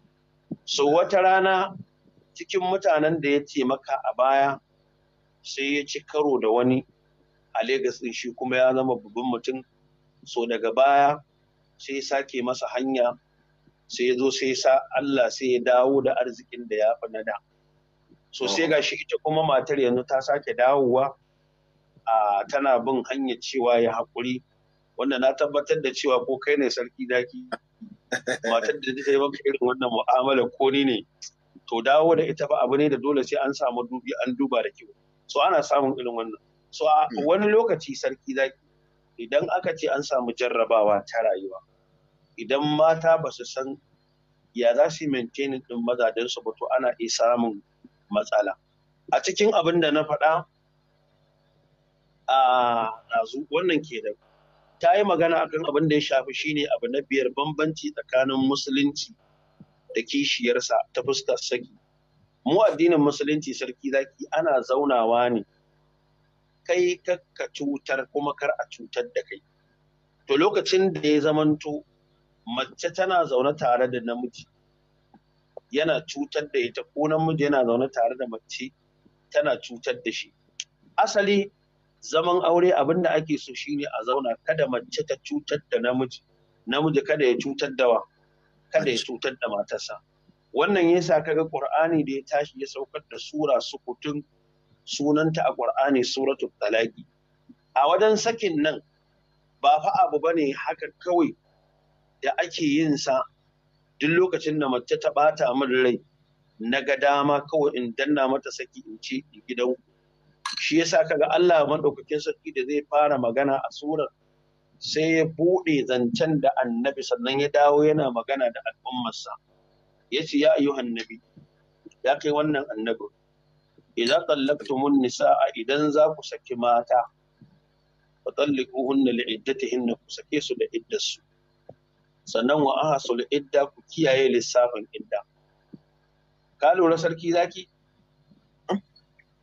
so wata rana cikin mutanen da ya taimaka a baya sai ya ci karo da wani a Legas ɗin shi kuma ya zama babban mutum so daga baya sai ya sake masa hanya sai ya zo sai sa Allah sai ya dawo da arzikin da ya da so sai oh. ga shi ita kuma matar yanzu ta sake dawowa a tana bin hanyar cewa ya haƙuri wanda na tabbatar da cewa ko kai ne sarki daki matar da ta yi maka irin wannan mu'amala ko ni ne to dawo da ita ba abu ne da dole sai an samu dubi an duba da kyau so ana samun irin wannan so a hmm. wani lokaci sarki zaki idan aka ce an samu jarrabawa ta rayuwa idan mata ba su san ya za su maintain din mazajen su ba to ana iya samun matsala a cikin abin da na faɗa a wannan ke da ta yi magana akan abin da ya shafi shine abu na biyar bambanci tsakanin musulunci da kishiyarsa ta fuskar saki mu addinin musulunci sarki zaki ana zaunawa ne kai ka cutar kuma kar a cutar da kai to lokacin da ya zamanto mace tana zaune tare da namiji yana cutar da ita ko namiji yana zaune tare da mace tana cutar da shi asali zaman aure abin da ake so shine a zauna kada mace ta cutar da namiji namiji kada ya cutar da wa kada ya cutar da matarsa wannan yasa kaga qur'ani da ya tashi ya saukar da sura sukutun sunanta a qur'ani suratul talaqi a wajen sakin nan ba fa abu bane haka kawai da ake yin sa duk lokacin da mace ta bata min rai na ga dama kawai in danna mata saki in ce gidan shi yasa kaga Allah madaukakin sarki da zai fara magana a surar sai ya buɗe zancen da annabi sannan ya dawo yana magana da al'ummarsa ya ce ya ayyuhan annabi ya kai wannan annabi idza tallaqtumun nisaa idan za ku saki mata fa talliquhunna li'iddatihinna ku sake su da iddarsu sannan wa ahsul idda ku kiyaye lissafin idda ka lura sarki zaki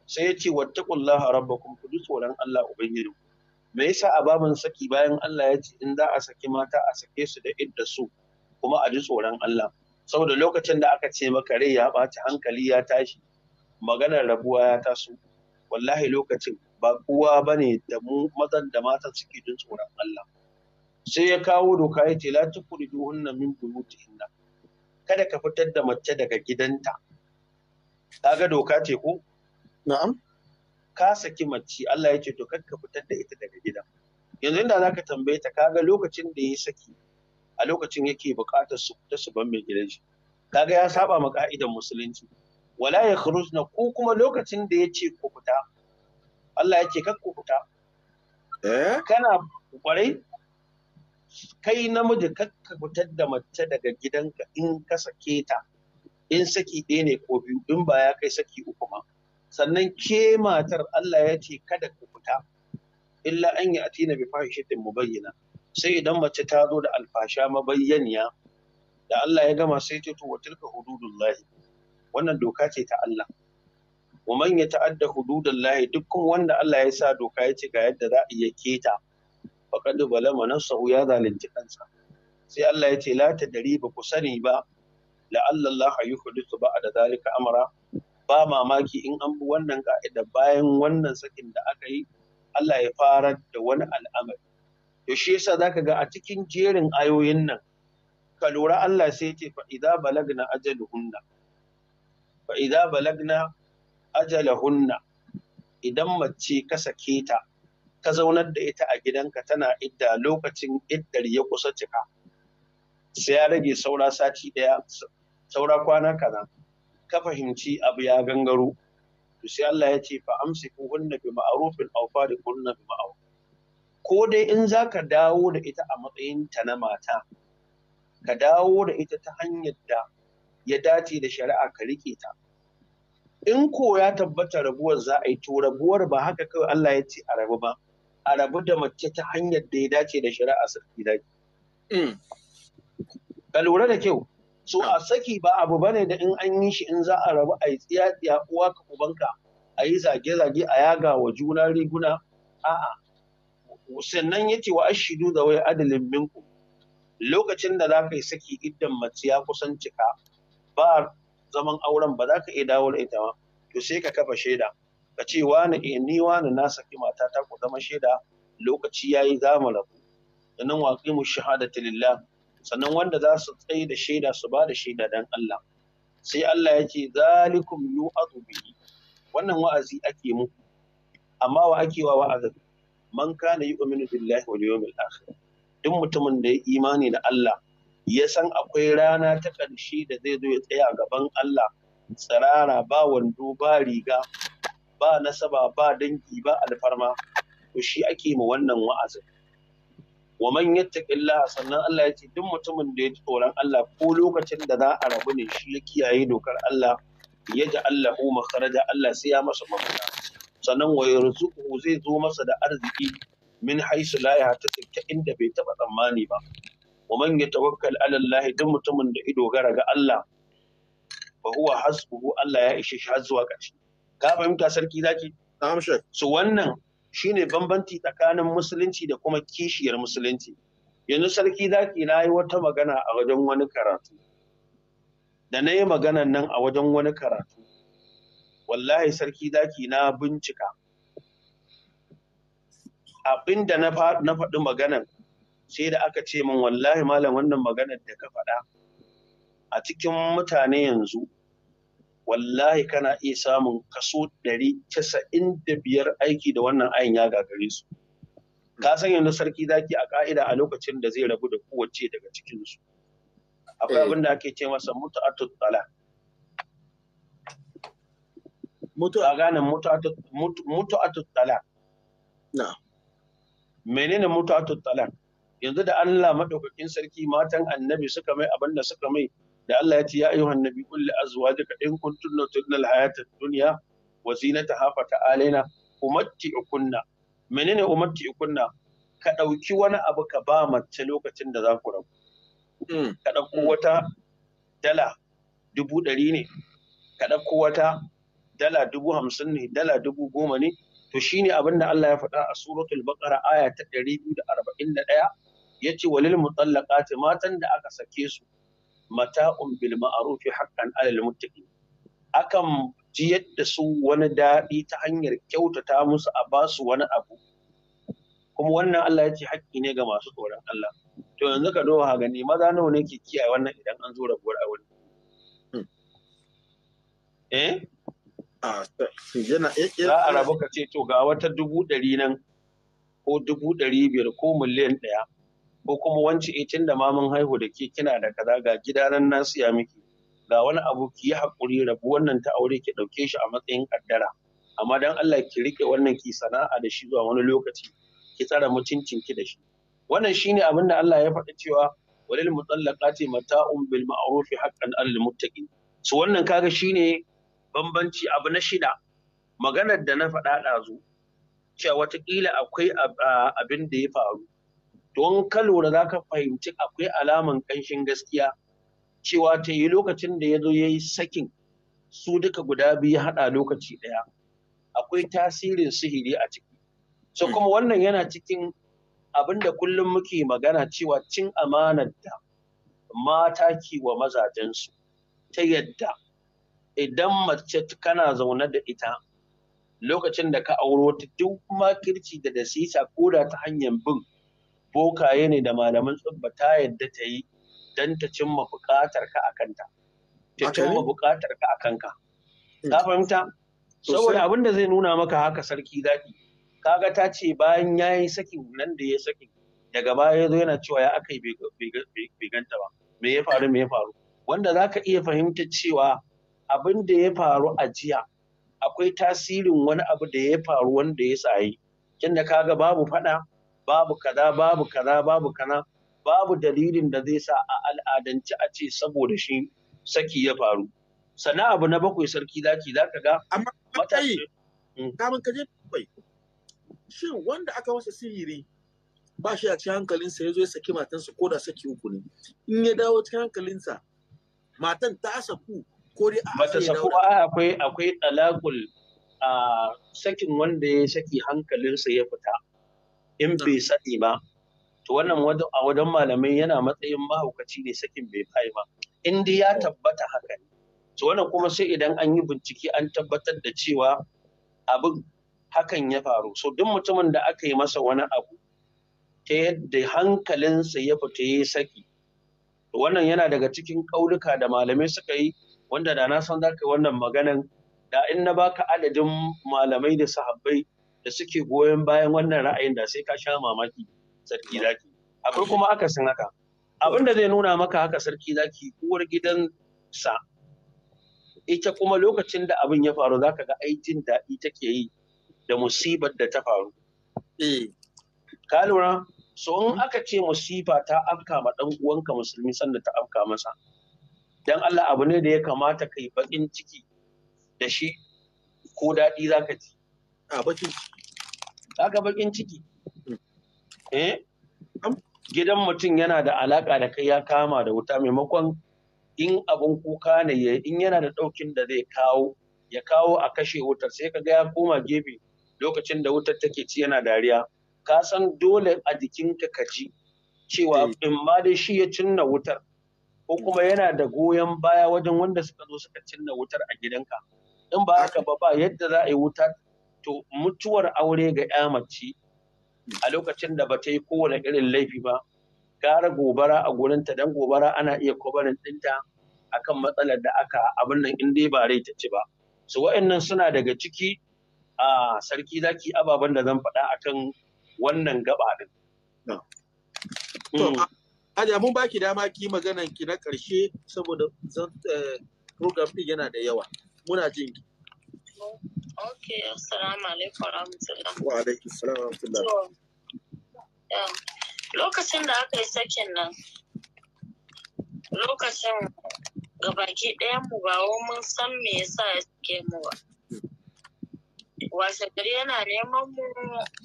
sai ya yace wattaqullaha rabbakum ku ji tsoron Allah ubangiji me yasa a babin saki bayan Allah ya ce in za a saki mata a sake su da idda su kuma a ji tsoron Allah saboda lokacin da aka ce maka rai ya ɓaci hankali ya tashi maganar rabuwa ya taso wallahi lokacin ba kowa ba ne da mu mazan da matan suke jin tsoron Allah sai ya kawo doka ya ce la tukriduhunna min buyutihinna kada ka fitar da mace daga gidanta kaga doka ce ko na'am ka saki mace Allah ya ce to kar ka fitar da ita daga gidan yanzu inda zaka tambaye ta kaga lokacin da ya saki a lokacin yake buƙatar su ta su ban mai gidan shi kaga ya saba ma ka'idan musulunci wala ya na ko kuma lokacin da ya ce ku fita Allah ya ce kar ku fita eh kana kwarai kai namiji ka fitar da mace daga gidanka in ka sake ta in saki ɗaya ne ko biyu in ba ya kai saki uku ma sannan ke matar Allah ya ce kada ku fita illa an yi atina bi fahishatin mubayyana sai idan mace ta zo da alfasha mabayyaniya da Allah ya gama sai ce to tilka hududullahi wannan doka ce ta Allah wa man yata'adda hududallahi dukkan wanda Allah ya sa doka ya ce ga yadda za a iya keta faqad balama nafsahu ya zalunci kansa sai Allah ya ce la tadri ba ku sani ba la'alla Allah yuhdithu ba'da zalika amara. ba mamaki in an bi wannan ka'ida bayan wannan sakin da aka yi Allah ya fara da wani al'amari to shi yasa zaka ga a cikin jerin ayoyin nan ka lura Allah sai ce fa idza balagna ajaluhunna fa idza balagna ajaluhunna idan mace ka sake ta ka zaunar da ita a gidanka tana idda lokacin iddar ya kusa cika sai ya rage saura sati daya saura kwana kaza ka fahimci abu ya gangaro to sai Allah ya ce fa amsiku hunna bi ma'rufin aw fariqunna bi ma'ruf ko dai in zaka dawo da ita a matsayin ta na mata ka dawo da ita ta hanyar da ya dace da shari'a ka rike ta in ko ya tabbata rabuwar za a yi to rabuwar ba haka kawai Allah ya ce a rabu ba a rabu da mace ta hanyar da ya dace da shari'a sarki daji mm. ka lura da kyau so a saki ba abu bane da in an yi shi in za a rabu a yi tsiya tsiya uwa ka ubanka a yi zage zage a yaga wa juna riguna a'a sannan ya ce wa ashidu da wai adalin minku lokacin da za ka yi saki idan mace ya kusan cika ba zaman auren ba za ka iya dawo da ita ba to sai ka kafa shaida ka ce wani E, eh, ni wani na saki ta ku zama shaida lokaci ya yi za mu rabu sannan waqimu shahadatu lillah sannan wanda za su tsaye da shaida su ba da shaida dan Allah sai Allah ya ce zalikum yu'adhu bihi wannan wa'azi ake muku amma wa ake wa wa'azi man kana yu'minu billahi wal yawmil akhir duk mutumin da ya imani da Allah ya san akwai rana ta ƙarshe da zai zo ya tsaya gaban Allah tsirara ba wando ba riga ba nasaba ba dangi ba alfarma to shi ake ma wannan wa'azin wa man yattaqillah sannan Allah ya ce duk mutumin da ya ji tsoron Allah ko lokacin da za a rabu ne shi ya kiyaye dokar Allah ya ji Allah makharaja Allah sai ya masa mafita sannan wa yarzuquhu zai zo masa da arziki min haisu la yahtasib inda bai taba tsammani ba wa man yatawakkal ala Allah duk mutumin da ido gara ga Allah fa huwa hasbuhu Allah ya ishe shi har zuwa ƙarshe ka fahimta sarki zaki na'am shek su wannan shine bambanci tsakanin musulunci da kuma kishiyar musulunci yanzu sarki zaki na yi wata magana a wajen wani karatu da na yi maganan nan a wajen wani karatu wallahi sarki zaki na bincika abin da na faɗi maganan sai da aka ce min wallahi malam wannan maganar da ka faɗa a cikin mutane yanzu wallahi kana iya samun kaso ɗari casa'in da biyar aiki da wannan ayin ya gagare su ka san yanzu sarki zaki a ka'ida a lokacin da zai rabu da kowace daga cikin su akwai eh. abin da ake ce masa a tuttala. mutu a gane a tuttala. na menene a tuttala? yanzu da Allah maɗaukakin sarki matan annabi suka mai abin da suka mai da Allah ya ce ya ayyuhan nabi qul li azwajika in kuntunna tudna al-hayata dunya wa zinataha fa ta'alaina umatti'ukunna menene umatti'ukunna ka dauki wani abu ka ba mace lokacin da za ku rabu hmm. ka dauko wata dala dubu ɗari ne ka dauko wata dala dubu hamsin ne dala dubu goma ne to shine abin da Allah ya faɗa a suratul baqara aya ta 241 yace walil mutallaqati matan da aka sake su mata'un bil ma'ruf haqqan al muttaqin akan ji yadda su wani daɗi ta hanyar kyautata musu a basu wani abu kuma wannan Allah ya ce haƙƙi ne ga masu tsoron Allah to yanzu ka doha gani maza nawa ne ke kiyaye wannan idan an zo rabuwar eh? a eh, eh za a rabu ka ce to ga wata dubu ɗari nan ko dubu ɗari biyar ko miliyan ɗaya ko kuma wance e eh, tunda ma haihu da ke kina da kaza ga gidanan na siya miki ga wani abu ki yi hakuri rabu wannan ta aure ki ɗauke shi a matsayin ƙaddara. amma dan Allah ki rike wannan ki sana'a da shi zuwa wani lokaci ki tsara mutuncin ki da shi wannan shine abin da Allah ya faɗa cewa walil mutallaqati mata'un bil ma'ruf haqqan alal muttaqin so wannan kaga shine bambanci abu na shida maganar da na faɗa ɗazu cewa watakila akwai abin da ya faru to in ka lura za ka fahimci akwai alaman ƙanshin gaskiya cewa ta yi lokacin da ya zo ya yi sakin su duka guda biyu haɗa lokaci ɗaya akwai tasirin sihiri a ciki so hmm. kuma wannan yana cikin abin da kullum muke magana cewa cin amanar da mata ke wa mazajensu ta yadda idan mace kana zaune da ita lokacin da ka auro ta duk makirci da dasisa ko da ta hanyar bin bokaye ne da malaman tsubba ta yadda ta yi don ta cimma buƙatar ka a kanta ta cimma buƙatar ka a kanka hmm. ka fahimta saboda abin da zai nuna maka haka sarki zaki kaga ta ce bayan ya yi sakin nan da ya sakin daga baya ya zo yana cewa ya aka yi bai ganta ba me ya faru me ya faru wanda za ka iya fahimta cewa abin da ya faru a jiya akwai tasirin wani abu da ya faru wanda ya Kin da kaga babu faɗa babu kaza babu kaza babu kana babu dalilin da zai sa a al'adance a ce saboda shi saki ya faru sana abu na bakwai sarki zaki za ka ga amma matayi kamun mm. kaje bakwai shin wanda aka masa sihiri ba shi a cikin hankalinsa ya zo ya saki matansa ko da saki uku ne in ya dawo cikin hankalinsa matan ta saku ko dai a bata saku ba akwai akwai talakul a sakin wanda ya saki hankalinsa ya fita in mm. bai sani ba to wannan a wajen malamai yana matsayin mahaukaci ne sakin bai fayi ba in dai ya tabbata haka ne to wannan kuma sai idan an yi bincike an tabbatar da cewa abin hakan ya faru so duk mutumin da aka yi masa wani abu ta yadda hankalinsa ya fita ya saki to wannan yana daga cikin kaunuka da malamai suka yi wanda da na san za ka yi wannan maganan da in na baka adadin malamai da sahabbai da suke goyon bayan wannan ra'ayin da sai ka sha mamaki sarki zaki akwai kuma akasin haka abin da zai nuna maka haka sarki zaki uwar sa ita kuma lokacin da abin ya faru zaka ga aikin da daɗi take yi da musibar da ta faru eh. ka lura so in aka ce musiba ta afka ma dan uwanka musulmi sanda ta afka masa dan Allah abu ne da ya kamata kai bakin ciki da shi ko daɗi zaka ji a bakin Kaga bakin ciki. Hmm. Eh? Gidan mutum yana da alaka da kai ya kama da wuta maimakon in abun kuka ne ya in yana da ɗaukin da zai kawo ya kawo a kashe wutar sai kaga ya koma gefe lokacin da wutar take ci yana dariya ka san dole a jikinka ka ji cewa eh. in ma dai shi ya cinna wutar ko kuma yana da goyon baya wajen wanda suka zo suka cinna wutar a gidanka in ba haka ba ba yadda za a yi wutar? to mutuwar aure ga ya mace a lokacin da ba ta yi kowane irin laifi ba gara gobara a gurinta dan gobara ana iya kwabarin ɗinta kan matsalar da aka abin nan in dai ba rai ta ci ba su wa'annan suna daga ciki a sarki zaki ababen da zan faɗa akan wannan gaba ɗin. Hmm. Aja mun baki dama ki maganan ki na ƙarshe saboda eh, program din yana da yawa muna jin ki Ok, assalamu alaikum rahmatullah. Wa alaikum salam rahmatullah. Lokacin da aka yi sakin nan, lokacin gabaki ɗayan mu ba mun san me yasa ya sake mu ba. Washe gari yana neman mu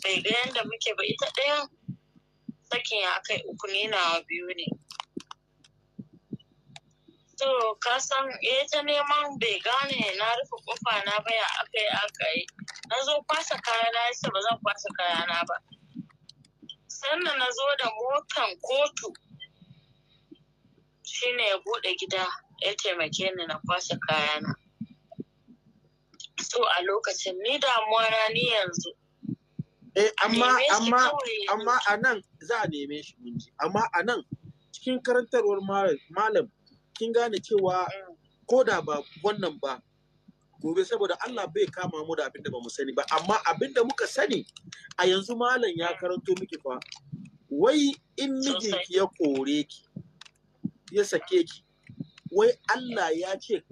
bai ga yadda muke ba ita ɗayan sakin ya yi uku ne na biyu ne. to ka san eh ta neman bai gane na rufe kofa na ba ya akai akai na zo kwasa kaya na yace ba zan kwasa kaya na ba sannan na zo da motan kotu shine ya bude gida ya taimake ni na kwasa kaya na so a lokacin ni damuwa na ni yanzu eh amma amma amma anan za a neme shi mun ji amma anan cikin karantarwar malam kin gane cewa ko da ba wannan ba gobe saboda Allah bai kama mu da abinda ba mu sani ba amma abin da muka sani a yanzu malam ya karanto miki fa wai in mijinki ya kore ki ya sake ki wai Allah ya ce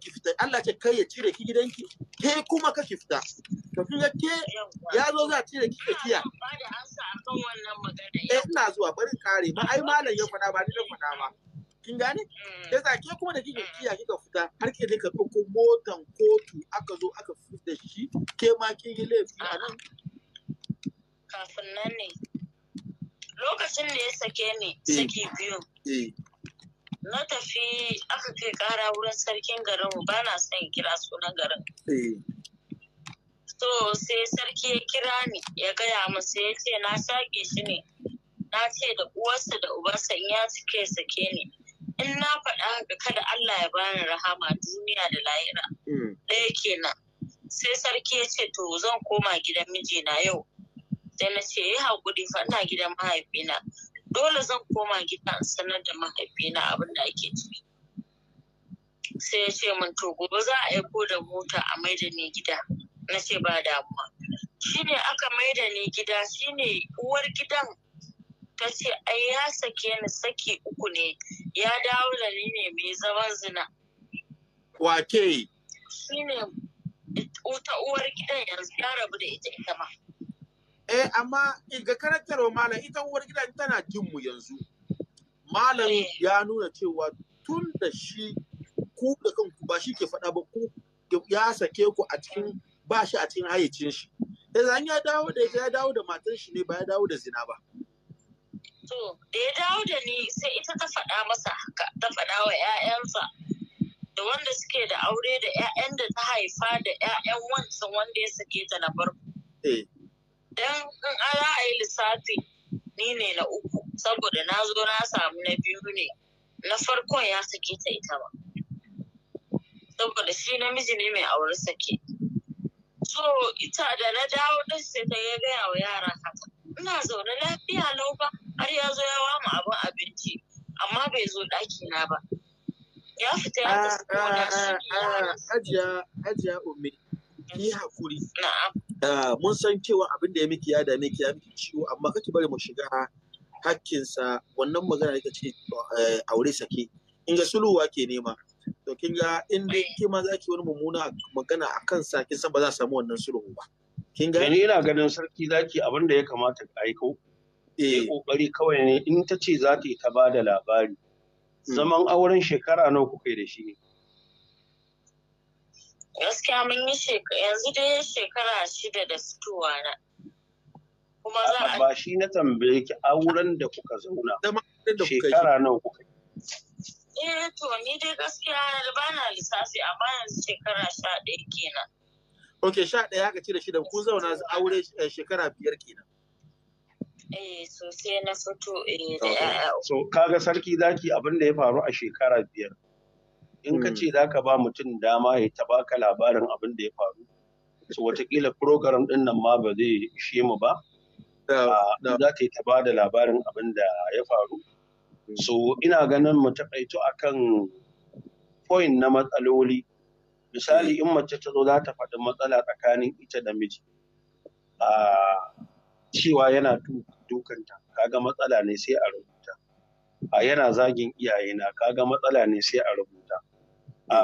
ki fita Allah ce kai ya cire ki gidanki ke kuma ki fita to kin ga ke ya zo za cire ki kiya eh ina zuwa bari kare ba ai malam ya faɗa ba ni na faɗa ba kin gane da mm. zake kuma da kike mm. kiya kika fita har ke da ka ɗauko motan kotu aka zo aka fita da shi ke ma kin yi laifi a nan kafin nan ne lokacin da ya sake ni eh. saki biyu eh. na tafi aka kai kara wurin sarkin garin ba na son kira sunan garin eh. so sai sarki ya kira ni ya gaya mu, sai ya ce na shaƙe shi ne na ce da uwarsa da ubarsa in ya suke sake ni in na faɗa haka kada Allah ya bani rahama duniya da lahira hmm. ɗaya kenan sai sarki ya ce to zan koma gidan mijina yau sai na ce yi haƙuri fa ina gidan mahaifina dole zan koma gidan sanar da mahaifina abin da ake ciki sai ya ce min to gobe za a aiko da mota a maida ni gida na ce ba damuwa shine aka maida ni gida shine uwar gidan ta ce ai ya sake ni saki uku ne ya dawo da ni ne mai zaman zina wake shi ne ta uwar gidan yanzu ya rabu da ita ita ma eh amma ga wa malam ita uwar gidan tana jin mu yanzu malam eh. ya nuna cewa tun da shi ku da kanku ba shi ke faɗa ba ku ya sake ku a cikin ba shi a cikin hayyacin shi yanzu an ya dawo da ya dawo da matar shi ne ba ya dawo da zina ba To, da ya dawo da ni sai ita ta faɗa masa haka, ta faɗa wa 'ya'yansa da wanda suke da aure da 'ya'yan da ta haifa da 'ya'yan wancan wanda ya sake ta na farko. Eh. Don in an ra'ayi lissafi ni ne na uku, saboda na zo na samu na biyu ne, na farkon ya sake ta ita ba. Saboda shi namiji ne mai aure sake. So, ita da na dawo ɗin sai ta gaya wa yara haka. Ina zaune lafiya lau ba. har ya zo ya wama abin abinci amma bai zo ɗaki na ba ya fita ya tafi ah, ah, ah, Ajiya, hajiya umme ki hakuri mun san cewa abin da ya miki ya dame ki ya miki ciwo amma kake bari mu shiga hakkinsa wannan magana da ce eh, aure sake in ga suluwa ke nema to kin ga in dai ke ma za ki wani mummuna magana a kan sa kin san ba za a samu wannan sulhu ba kin ga ina ganin sarki zaki abin da ya kamata ka aiko yi kokari eh. kawai ne in ta ce za ta yi ta ba da labari mm. zaman auren shekara nawa kuka yi da shi gaskiya mun yi yanzu dai shekara shida da fitowa na kuma za a ba shi na tambaye ki auren da kuka zauna shekara nawa kuka yi eh to ni dai gaskiya ba na lissafi amma yanzu shekara sha ɗaya kenan ok sha ɗaya ka ce da shida ku zauna aure eh, shekara biyar kenan Eh, sosai na eh, so kaga sarki zaki abin da ya faru a shekara biyar in ka hmm. ce za ka ba mutum dama ya taba ka labarin abin da ya faru so watakila program din nan ma ba zai ishe mu ba ah, za ka yi ta ba da labarin abin da ya faru hmm. so ina ganin mu a akan point na matsaloli misali hmm. in mace ta zo za ta faɗi matsala tsakanin ita da miji ah, cewa yana tuka dukanta kaga matsala ne sai a rubuta a yana zagin iyayena kaga matsala ne sai a rubuta a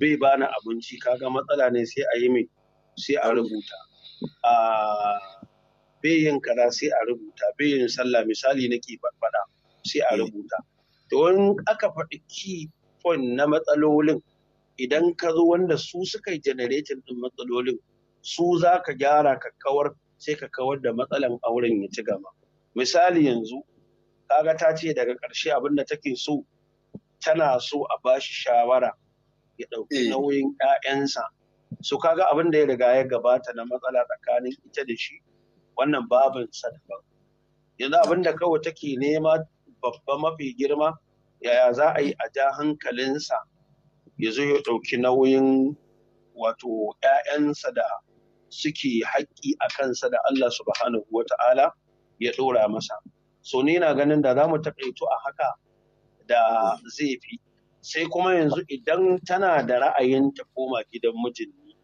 bai bani abinci kaga matsala ne sai a yi sai a rubuta a bai yin kaza sai a rubuta bai yin sallah misali nake faɗa sai a eh. rubuta to in aka faɗi key point na matsalolin idan ka zo wanda su suka yi generating din matsalolin su za ka gyara ka kawar sai ka kawar da matsalan auren ya ci gaba misali yanzu kaga ta ce daga ƙarshe abin da take so tana so a bashi shawara ya ɗauki eh. nauyin 'ya'yansa su kaga abin da ya riga ya gabata na matsala tsakanin ita da shi wannan babin daban yanzu abin da kawai take nema babba mafi girma yaya za a yi a ja hankalinsa ya zo ya ɗauki nauyin wato 'ya'yansa da suke haƙƙi a kansa da Allah subhanahu wa ta'ala ya ɗora masa. So ni na ganin da za mu taƙaito a haka da zai fi. Sai kuma yanzu idan tana da ra'ayin koma gidan mijin ne.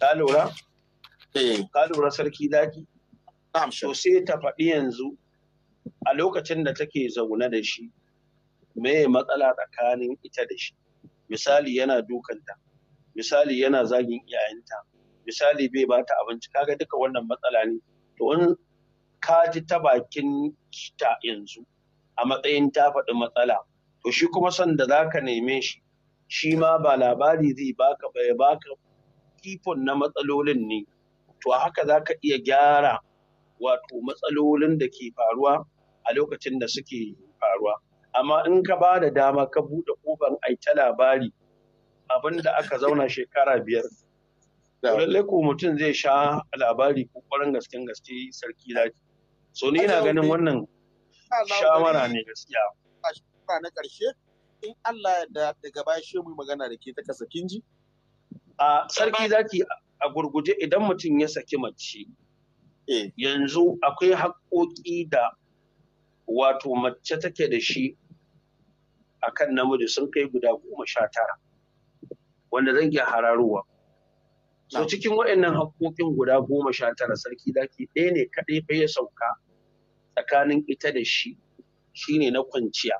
Ka lura? Eh. Ka lura sarki zaki? So sai ta faɗi yanzu a lokacin da take zaune da shi me matsala tsakanin ita da shi. Misali yana dukanta, misali yana zagin iyayenta, misali bai bata abinci kaga duka wannan matsala ne to in ka ji ta bakin ta yanzu a matsayin ta faɗi matsala to shi kuma sanda da za ka neme shi shi ma ba labari zai baka bai baka kifon na matsalolin ne to haka za ka iya gyara wato matsalolin da ke faruwa a lokacin da suke faruwa amma in ka ba da dama ka buɗe ƙofar ai labari abin da aka zauna shekara biyar lallai ko mutum zai sha labari ko kwarin gasken gaske sarki zaki so ni ina ganin wannan shawara ne gaskiya a na ƙarshe in Allah da daga baya shi mu magana da ke ta kasa kinji a sarki zaki a gurguje idan mutum ya saki mace eh. yanzu akwai haƙoƙi da wato mace take da shi akan namiji sun kai guda goma sha tara wanda zan iya hararowa so cikin waɗannan haƙoƙin guda goma sha tara sarki zaki ɗaya ne kaɗai fa ya sauka tsakanin ita da shi shine na kwanciya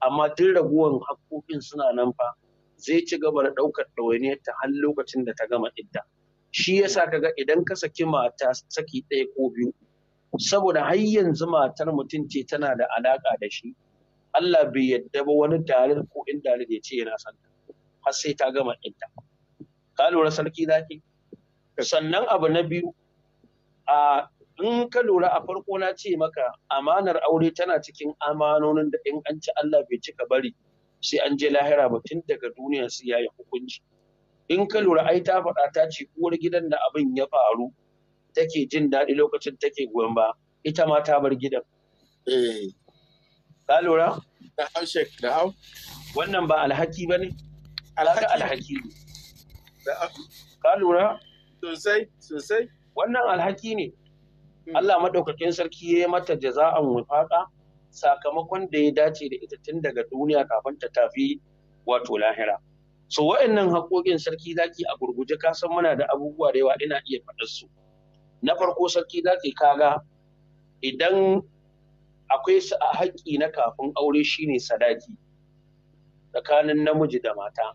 amma tun raguwan haƙoƙin suna nan fa zai ci gaba da ɗaukar ɗawainiyar ta har lokacin da ta gama idda shi yasa ga idan ka saki mata saki ɗaya ko biyu saboda har yanzu matar mutum ce tana da alaƙa da shi Allah bai yadda ba wani dalil ko in dalil ya ce yana son ta har sai ta gama idda ka lura sarki zaki sannan abu na biyu a in ka lura a farko na ce maka amanar aure tana cikin amanonin da in an ci Allah bai cika bari sai an je lahira ba tun daga duniya sai ya yi hukunci in ka lura ai ta faɗa ta ce uwar gidan da abin ya faru take jin daɗi lokacin take goyon ba ita ma ta bar gidan eh. ka lura da hau da hau wannan ba alhaki ba ne alhaki alhaki ne Ka lura? Sosai, sosai. Wannan alhaki ne. Hmm. Allah maɗaukakin sarki ya yi mata jaza'an wifaƙa sakamakon da ya dace da ita tun daga duniya kafin ta tafi wato lahira. So wa'annan haƙoƙin sarki zaki a gurguje ka san muna da abubuwa da yawa ina iya faɗar su. Na farko sarki zaki kaga idan akwai su a haƙƙi na kafin aure shine sadaki tsakanin namiji da mata.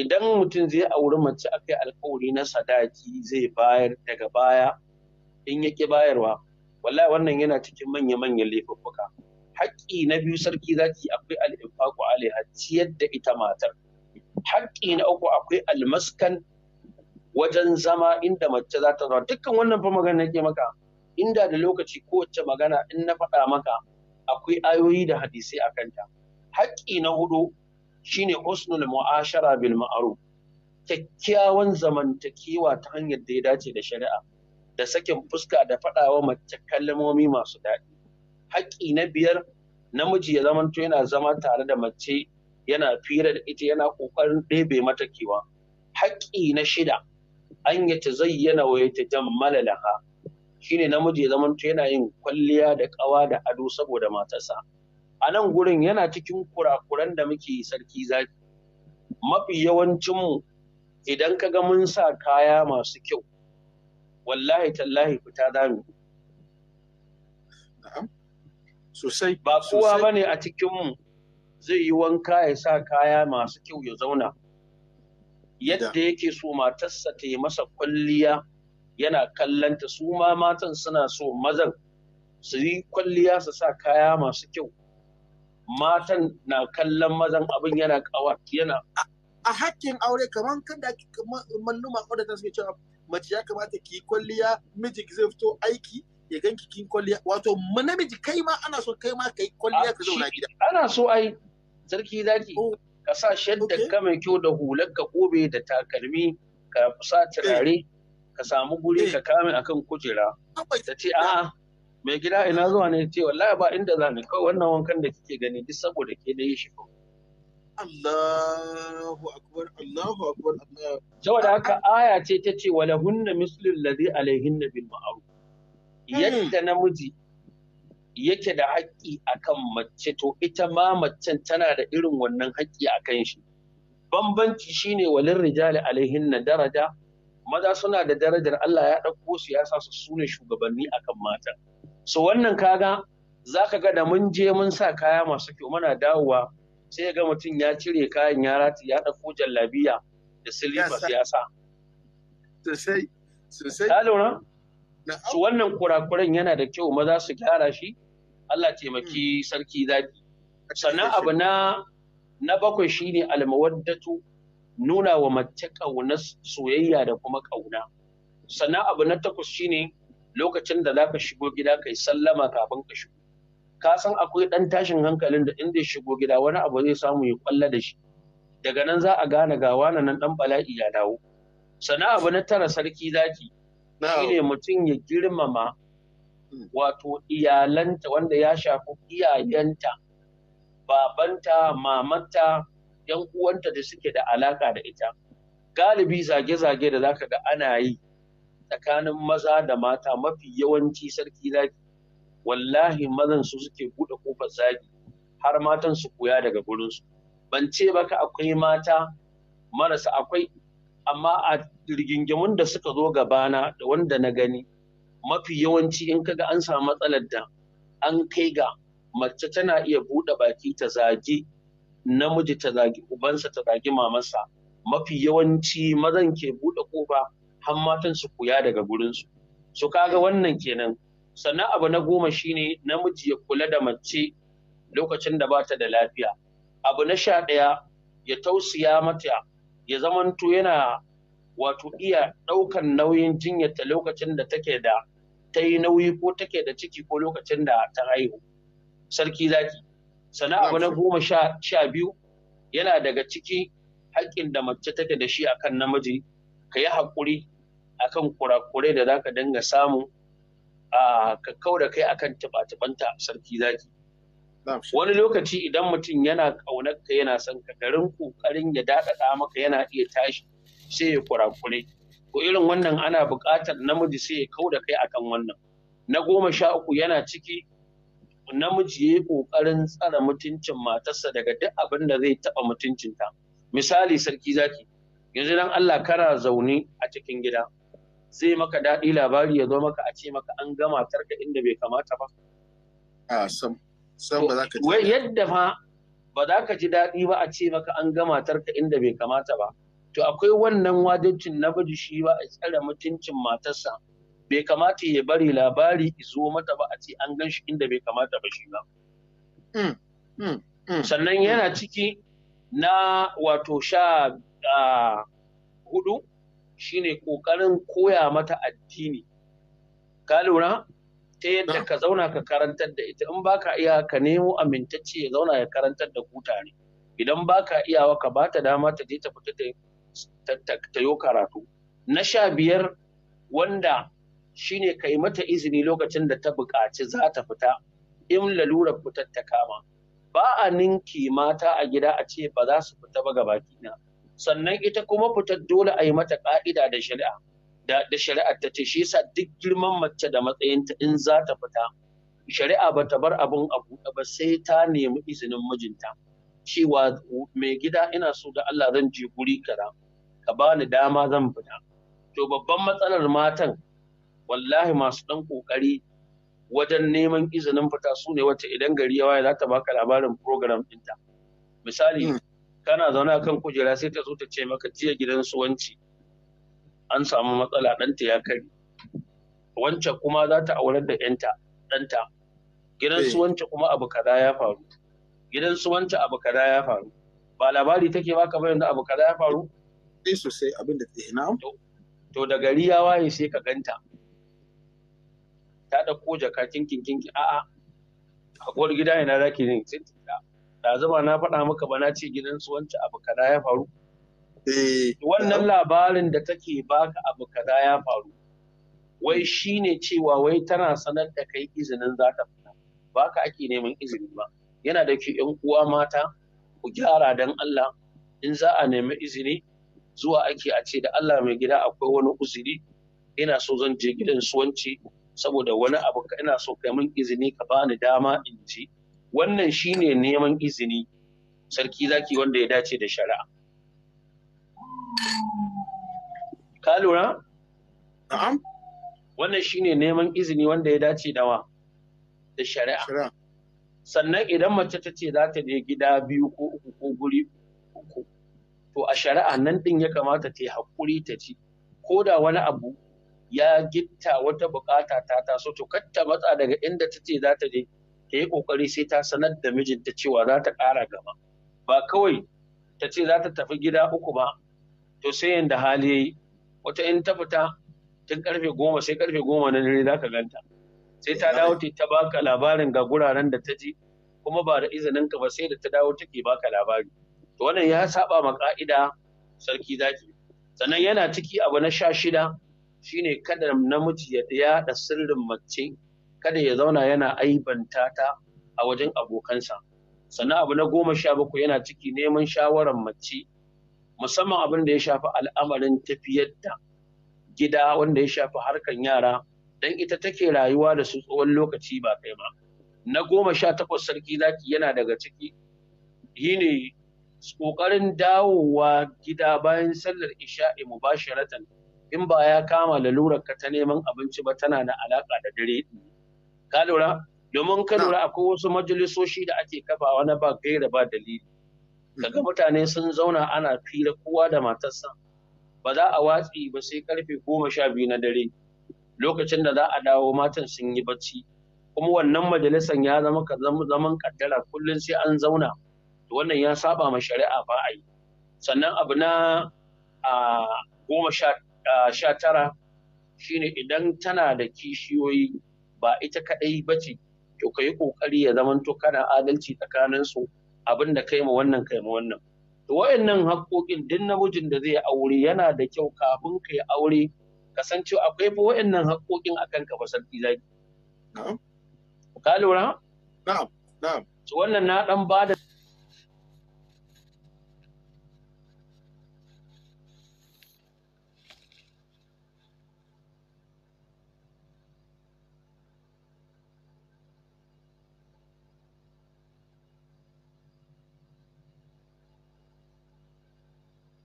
idan mutum zai auri mace akai alkawari na sadaki zai bayar daga baya in ya yake bayarwa wallahi wannan yana cikin manya-manyan laifuffuka haƙƙi na biyu sarki zaki akwai al'infaku alaiha ciyar da ita matar haƙƙi na uku akwai almaskan wajen zama inda mace za ta zama dukkan wannan fa magana ke maka inda da lokaci kowace magana in na faɗa maka akwai ayoyi da hadisai a kanta haƙƙi na hudu shine usnul mu'ashara bil ma'ruf kyakkyawan zamantakewa ta hanyar da ya dace da shari'a da sakin fuska da faɗawa mace kalmomi masu daɗi haƙƙi na biyar namiji ya zamanto yana zama tare da mace yana fira da ita yana ƙoƙarin ɗebe mata kewa haƙƙi na shida an ya ta zayyana wa ya ta jammala laha shine namiji ya zamanto yana yin kwalliya da ƙawa da ado saboda matarsa a nan gurin yana cikin kurakuran da muke sarki zaki mafi yawancinmu idan ka ga mun sa kaya masu kyau wallahi tallahi fita dami sosai ba kowa bane a cikinmu zai yi wanka ya sa kaya masu kyau ya zauna yadda yake so matarsa ta yi masa kwalliya yana kallanta su ma matan suna so mazan su yi kwalliya su sa kaya masu kyau matan na kallon mazan abin yana kawa yana a hakkin aure kamar kan da malluma aure ta suke cewa mace ya kamata ki kwalliya miji zai fito aiki ya ganki kin kwalliya wato namiji kai ma ana so kai ma kai kwalliya ka zauna gida ana so ai sarki zaki oh. ka sa shaddan ka mai kyau da hular ka kobe da takalmi ka sa turare eh. ka samu guri eh. ka kame akan kujera ta ce a'a mai gida ina zuwa ne ce wallahi ba inda za ni kawai wannan wankan da kike gani duk saboda ke da yi shi ko Allahu akbar Allahu akbar Allah saboda haka aya ce ta ce wala hunna mislul ladhi alaihinna bil ma'ruf hmm. yadda namiji yake da haƙƙi akan mace to ita ma macen tana da irin wannan haƙƙi akan shi bambanci shine walin rijali alaihinna daraja maza suna da darajar Allah ya ɗauko su ya sa su sune shugabanni akan mata. so wannan kaga za ka ga da mun je mun sa kaya masu kyau muna dawowa sai ga mutum ya cire kayan ya rati ya ɗauko jallabiya da silifas ya sa. Sosai, sosai. Ta lura? Su wannan kurakuran yana da kyau maza su gyara shi, Allah taimaki hmm. sarki zaki. Sannan abu na na bakwai shine almawaddatu nuna wa mace ƙaunar soyayya da kuma ƙauna. Sannan abu na takwas shine lokacin da za ka shigo gida ka yi sallama kafin ka shigo ka san akwai ɗan tashin hankalin da in zai shigo gida wani abu zai samu ya kwalla da shi daga nan za a gane ga wani nan ɗan bala'i ya dawo sana abu na tara sarki zaki shine mutum ya girmama wato iyalanta wanda ya shafi iyayenta babanta mamanta yan uwanta da suke da alaka da ita galibi zage-zage da zaka ga ana yi tsakanin maza da mata mafi yawanci sarki zaki wallahi mazan su suke buɗe kofar zagi har matan su koya daga gurinsu ban ce baka akwai mata marasa akwai amma a rigingimun da suka zo gabana da wanda na gani mafi yawanci in kaga an samu matsalar da an kai ga mace tana iya buɗe baki ta zagi namiji ta zagi ubansa ta zagi mamansa mafi yawanci mazan ke buɗe kofa har matan su kuya daga gurinsu su kaga wannan kenan sannan abu na goma shine namiji ya kula da mace lokacin da bata da lafiya abu na sha ɗaya ya tausiya mata ya zamanto yana wato iya ɗaukan nauyin jinyarta lokacin da take da ta yi nauyi ko take da ciki ko lokacin da ta haihu sarki zaki sana abu na goma sha biyu yana daga ciki haƙƙin da mace take da shi akan namiji ka yi haƙuri akan kurakurai da zaka dinga samu a ka da kai akan tuba-tubanta sarki zaki wani lokaci idan mutum yana ƙaunar ka yana son ka garin ƙoƙarin ya daɗaɗa maka yana iya tashi sai ya kurakure ko irin wannan ana buƙatar namiji sai ya kau da kai akan wannan na goma sha uku yana ciki namiji ya yi ƙoƙarin tsara mutuncin matarsa daga duk abin da zai taɓa mutuncinta misali sarki zaki yanzu dan Allah kana zaune a cikin gida zai maka daɗi labari ya zo maka a ce maka an gama tarka inda bai kamata ba a ah, sam sam ba za ka ji yadda ma ba za ka ji daɗi ba a ce maka an gama tarka inda bai kamata ba to akwai wannan wajibcin na biji shi ba a tsare mutuncin matarsa bai kamata ya bari labari izo mata ba a ce an gan shi inda bai kamata ba shi ba. Hmm, hmm, hmm. Sannan yana ciki na wato sha ah, hudu shine ƙoƙarin koya mata addini ka lura ta yadda ka zauna ka karantar da ita in baka iya ka nemo amintacce ya zauna ya karantar da ku tare idan baka iyawa ka ba ta dama ta je ta fita ta yo karatu na sha biyar wanda shine ka yi mata izini lokacin da ta buƙaci za ta fita in lalurar fitar ta kama ba a ninki mata a gida a ce ba za su fita ba gabaki na sannan ita kuma fitar dole a yi mata ka'ida da shari'a da shari'ar ta ce shi yasa duk girman mace da matsayinta in za ta fita shari'a ba ta bar abun a buɗe ba sai ta nemi izinin mijinta cewa mai gida ina so da Allah zan je guri kaza ka bani dama zan fita to babban matsalar matan wallahi masu ɗan ƙoƙari wajen neman izinin fita su ne wacce idan gari ya waye za ta baka labarin program ɗinta misali hmm. kana zaune a kan kujera sai ta zo ta ce maka jiya gidan su wanci an samu matsala ɗanta ya kari wance kuma za ta aurar da ɗanta ɗanta gidan su eh. wance kuma abu kaza ya faru gidan su wance abu kaza ya faru ba labari take baka bayan yanzu abu kaza ya faru eh sosai abin da na'am to da gari ya waye sai ka ganta ta ɗauko jaka kinkin kinkin a'a a gida na zaki ne sai Da zuba na faɗa maka ba na ce gidan wancan abu kada ya faru eh. wannan labarin da take baka abu kada ya faru wai shine cewa wai tana sanar da kai izinin za ta fita ba ka ake neman izini ba yana da ke yan uwa mata ku gyara dan Allah in za a nemi izini zuwa ake a ce da Allah mai gida akwai wani uzuri ina so zan je gidan suwanci saboda wani abu ka ina so kai min izini ka bani dama in je. wannan shine neman izini sarki zaki wanda ya dace da shari'a ka lura na'am wannan shine neman izini wanda ya dace da wa da shari'a sannan idan mace ta ce za ta je gida biyu ko uku ko guri uku to a shari'a nan din ya kamata ta yi haƙuri ta ci ko da wani abu ya gitta wata bukata ta taso to kar ta matsa daga inda ta ce za ta je ta yi ƙoƙari sai ta sanar da mijinta cewa za ta ƙara gaba ba kawai ta ce za ta tafi gida uku ba to sai yadda hali ya yi wata in ta fita tun karfe goma sai karfe goma na dare za ka ganta sai ta dawo ta ta baka labarin ga guraren da ta ji kuma ba da izinin ka ba sai da ta dawo take baka labari to wannan ya saba ma ka'ida sarki zaki sannan yana ciki abu na sha shida shine kada namiji ya yaɗa sirrin mace kada ya zauna yana aibanta ta a wajen abokansa sannan abu na goma sha bakwai yana ciki neman shawarar mace musamman abin da ya shafi al'amarin tafiyar da gida wanda ya shafi harkan yara don ita take rayuwa da su tsohon lokaci ba kai ba na goma sha takwas sarki zaki yana daga ciki ne ƙoƙarin dawowa gida bayan sallar isha'i mubasharatan in ba ya kama lalurar ka ta neman abinci ba tana da alaka da dare ka lura domin ka lura akwai wasu majalisoshi da ake kafawa na ba gaira ba dalili hmm. kaga mutane sun zauna ana fira kowa da matarsa ba za a watsi ba sai karfe goma sha biyu na dare lokacin da za a dawo matan sun yi bacci kuma wannan majalisan ya zama zaman kaddara kullum sai an zauna wannan ya saba ma shari'a ba a yi sannan abu na goma sha tara shine idan tana da kishiyoyi ba ita kaɗai ba ce to ka yi ƙoƙari ya zamanto kana adalci tsakaninsu abin da kai ma wannan kai ma wannan to wayannan haƙoƙin duk namijin da zai aure yana da kyau kafin ka yi aure ka san cewa akwai ba wayannan haƙoƙin akan ka ba sarki na'am ka lura na'am na'am to wannan na dan bada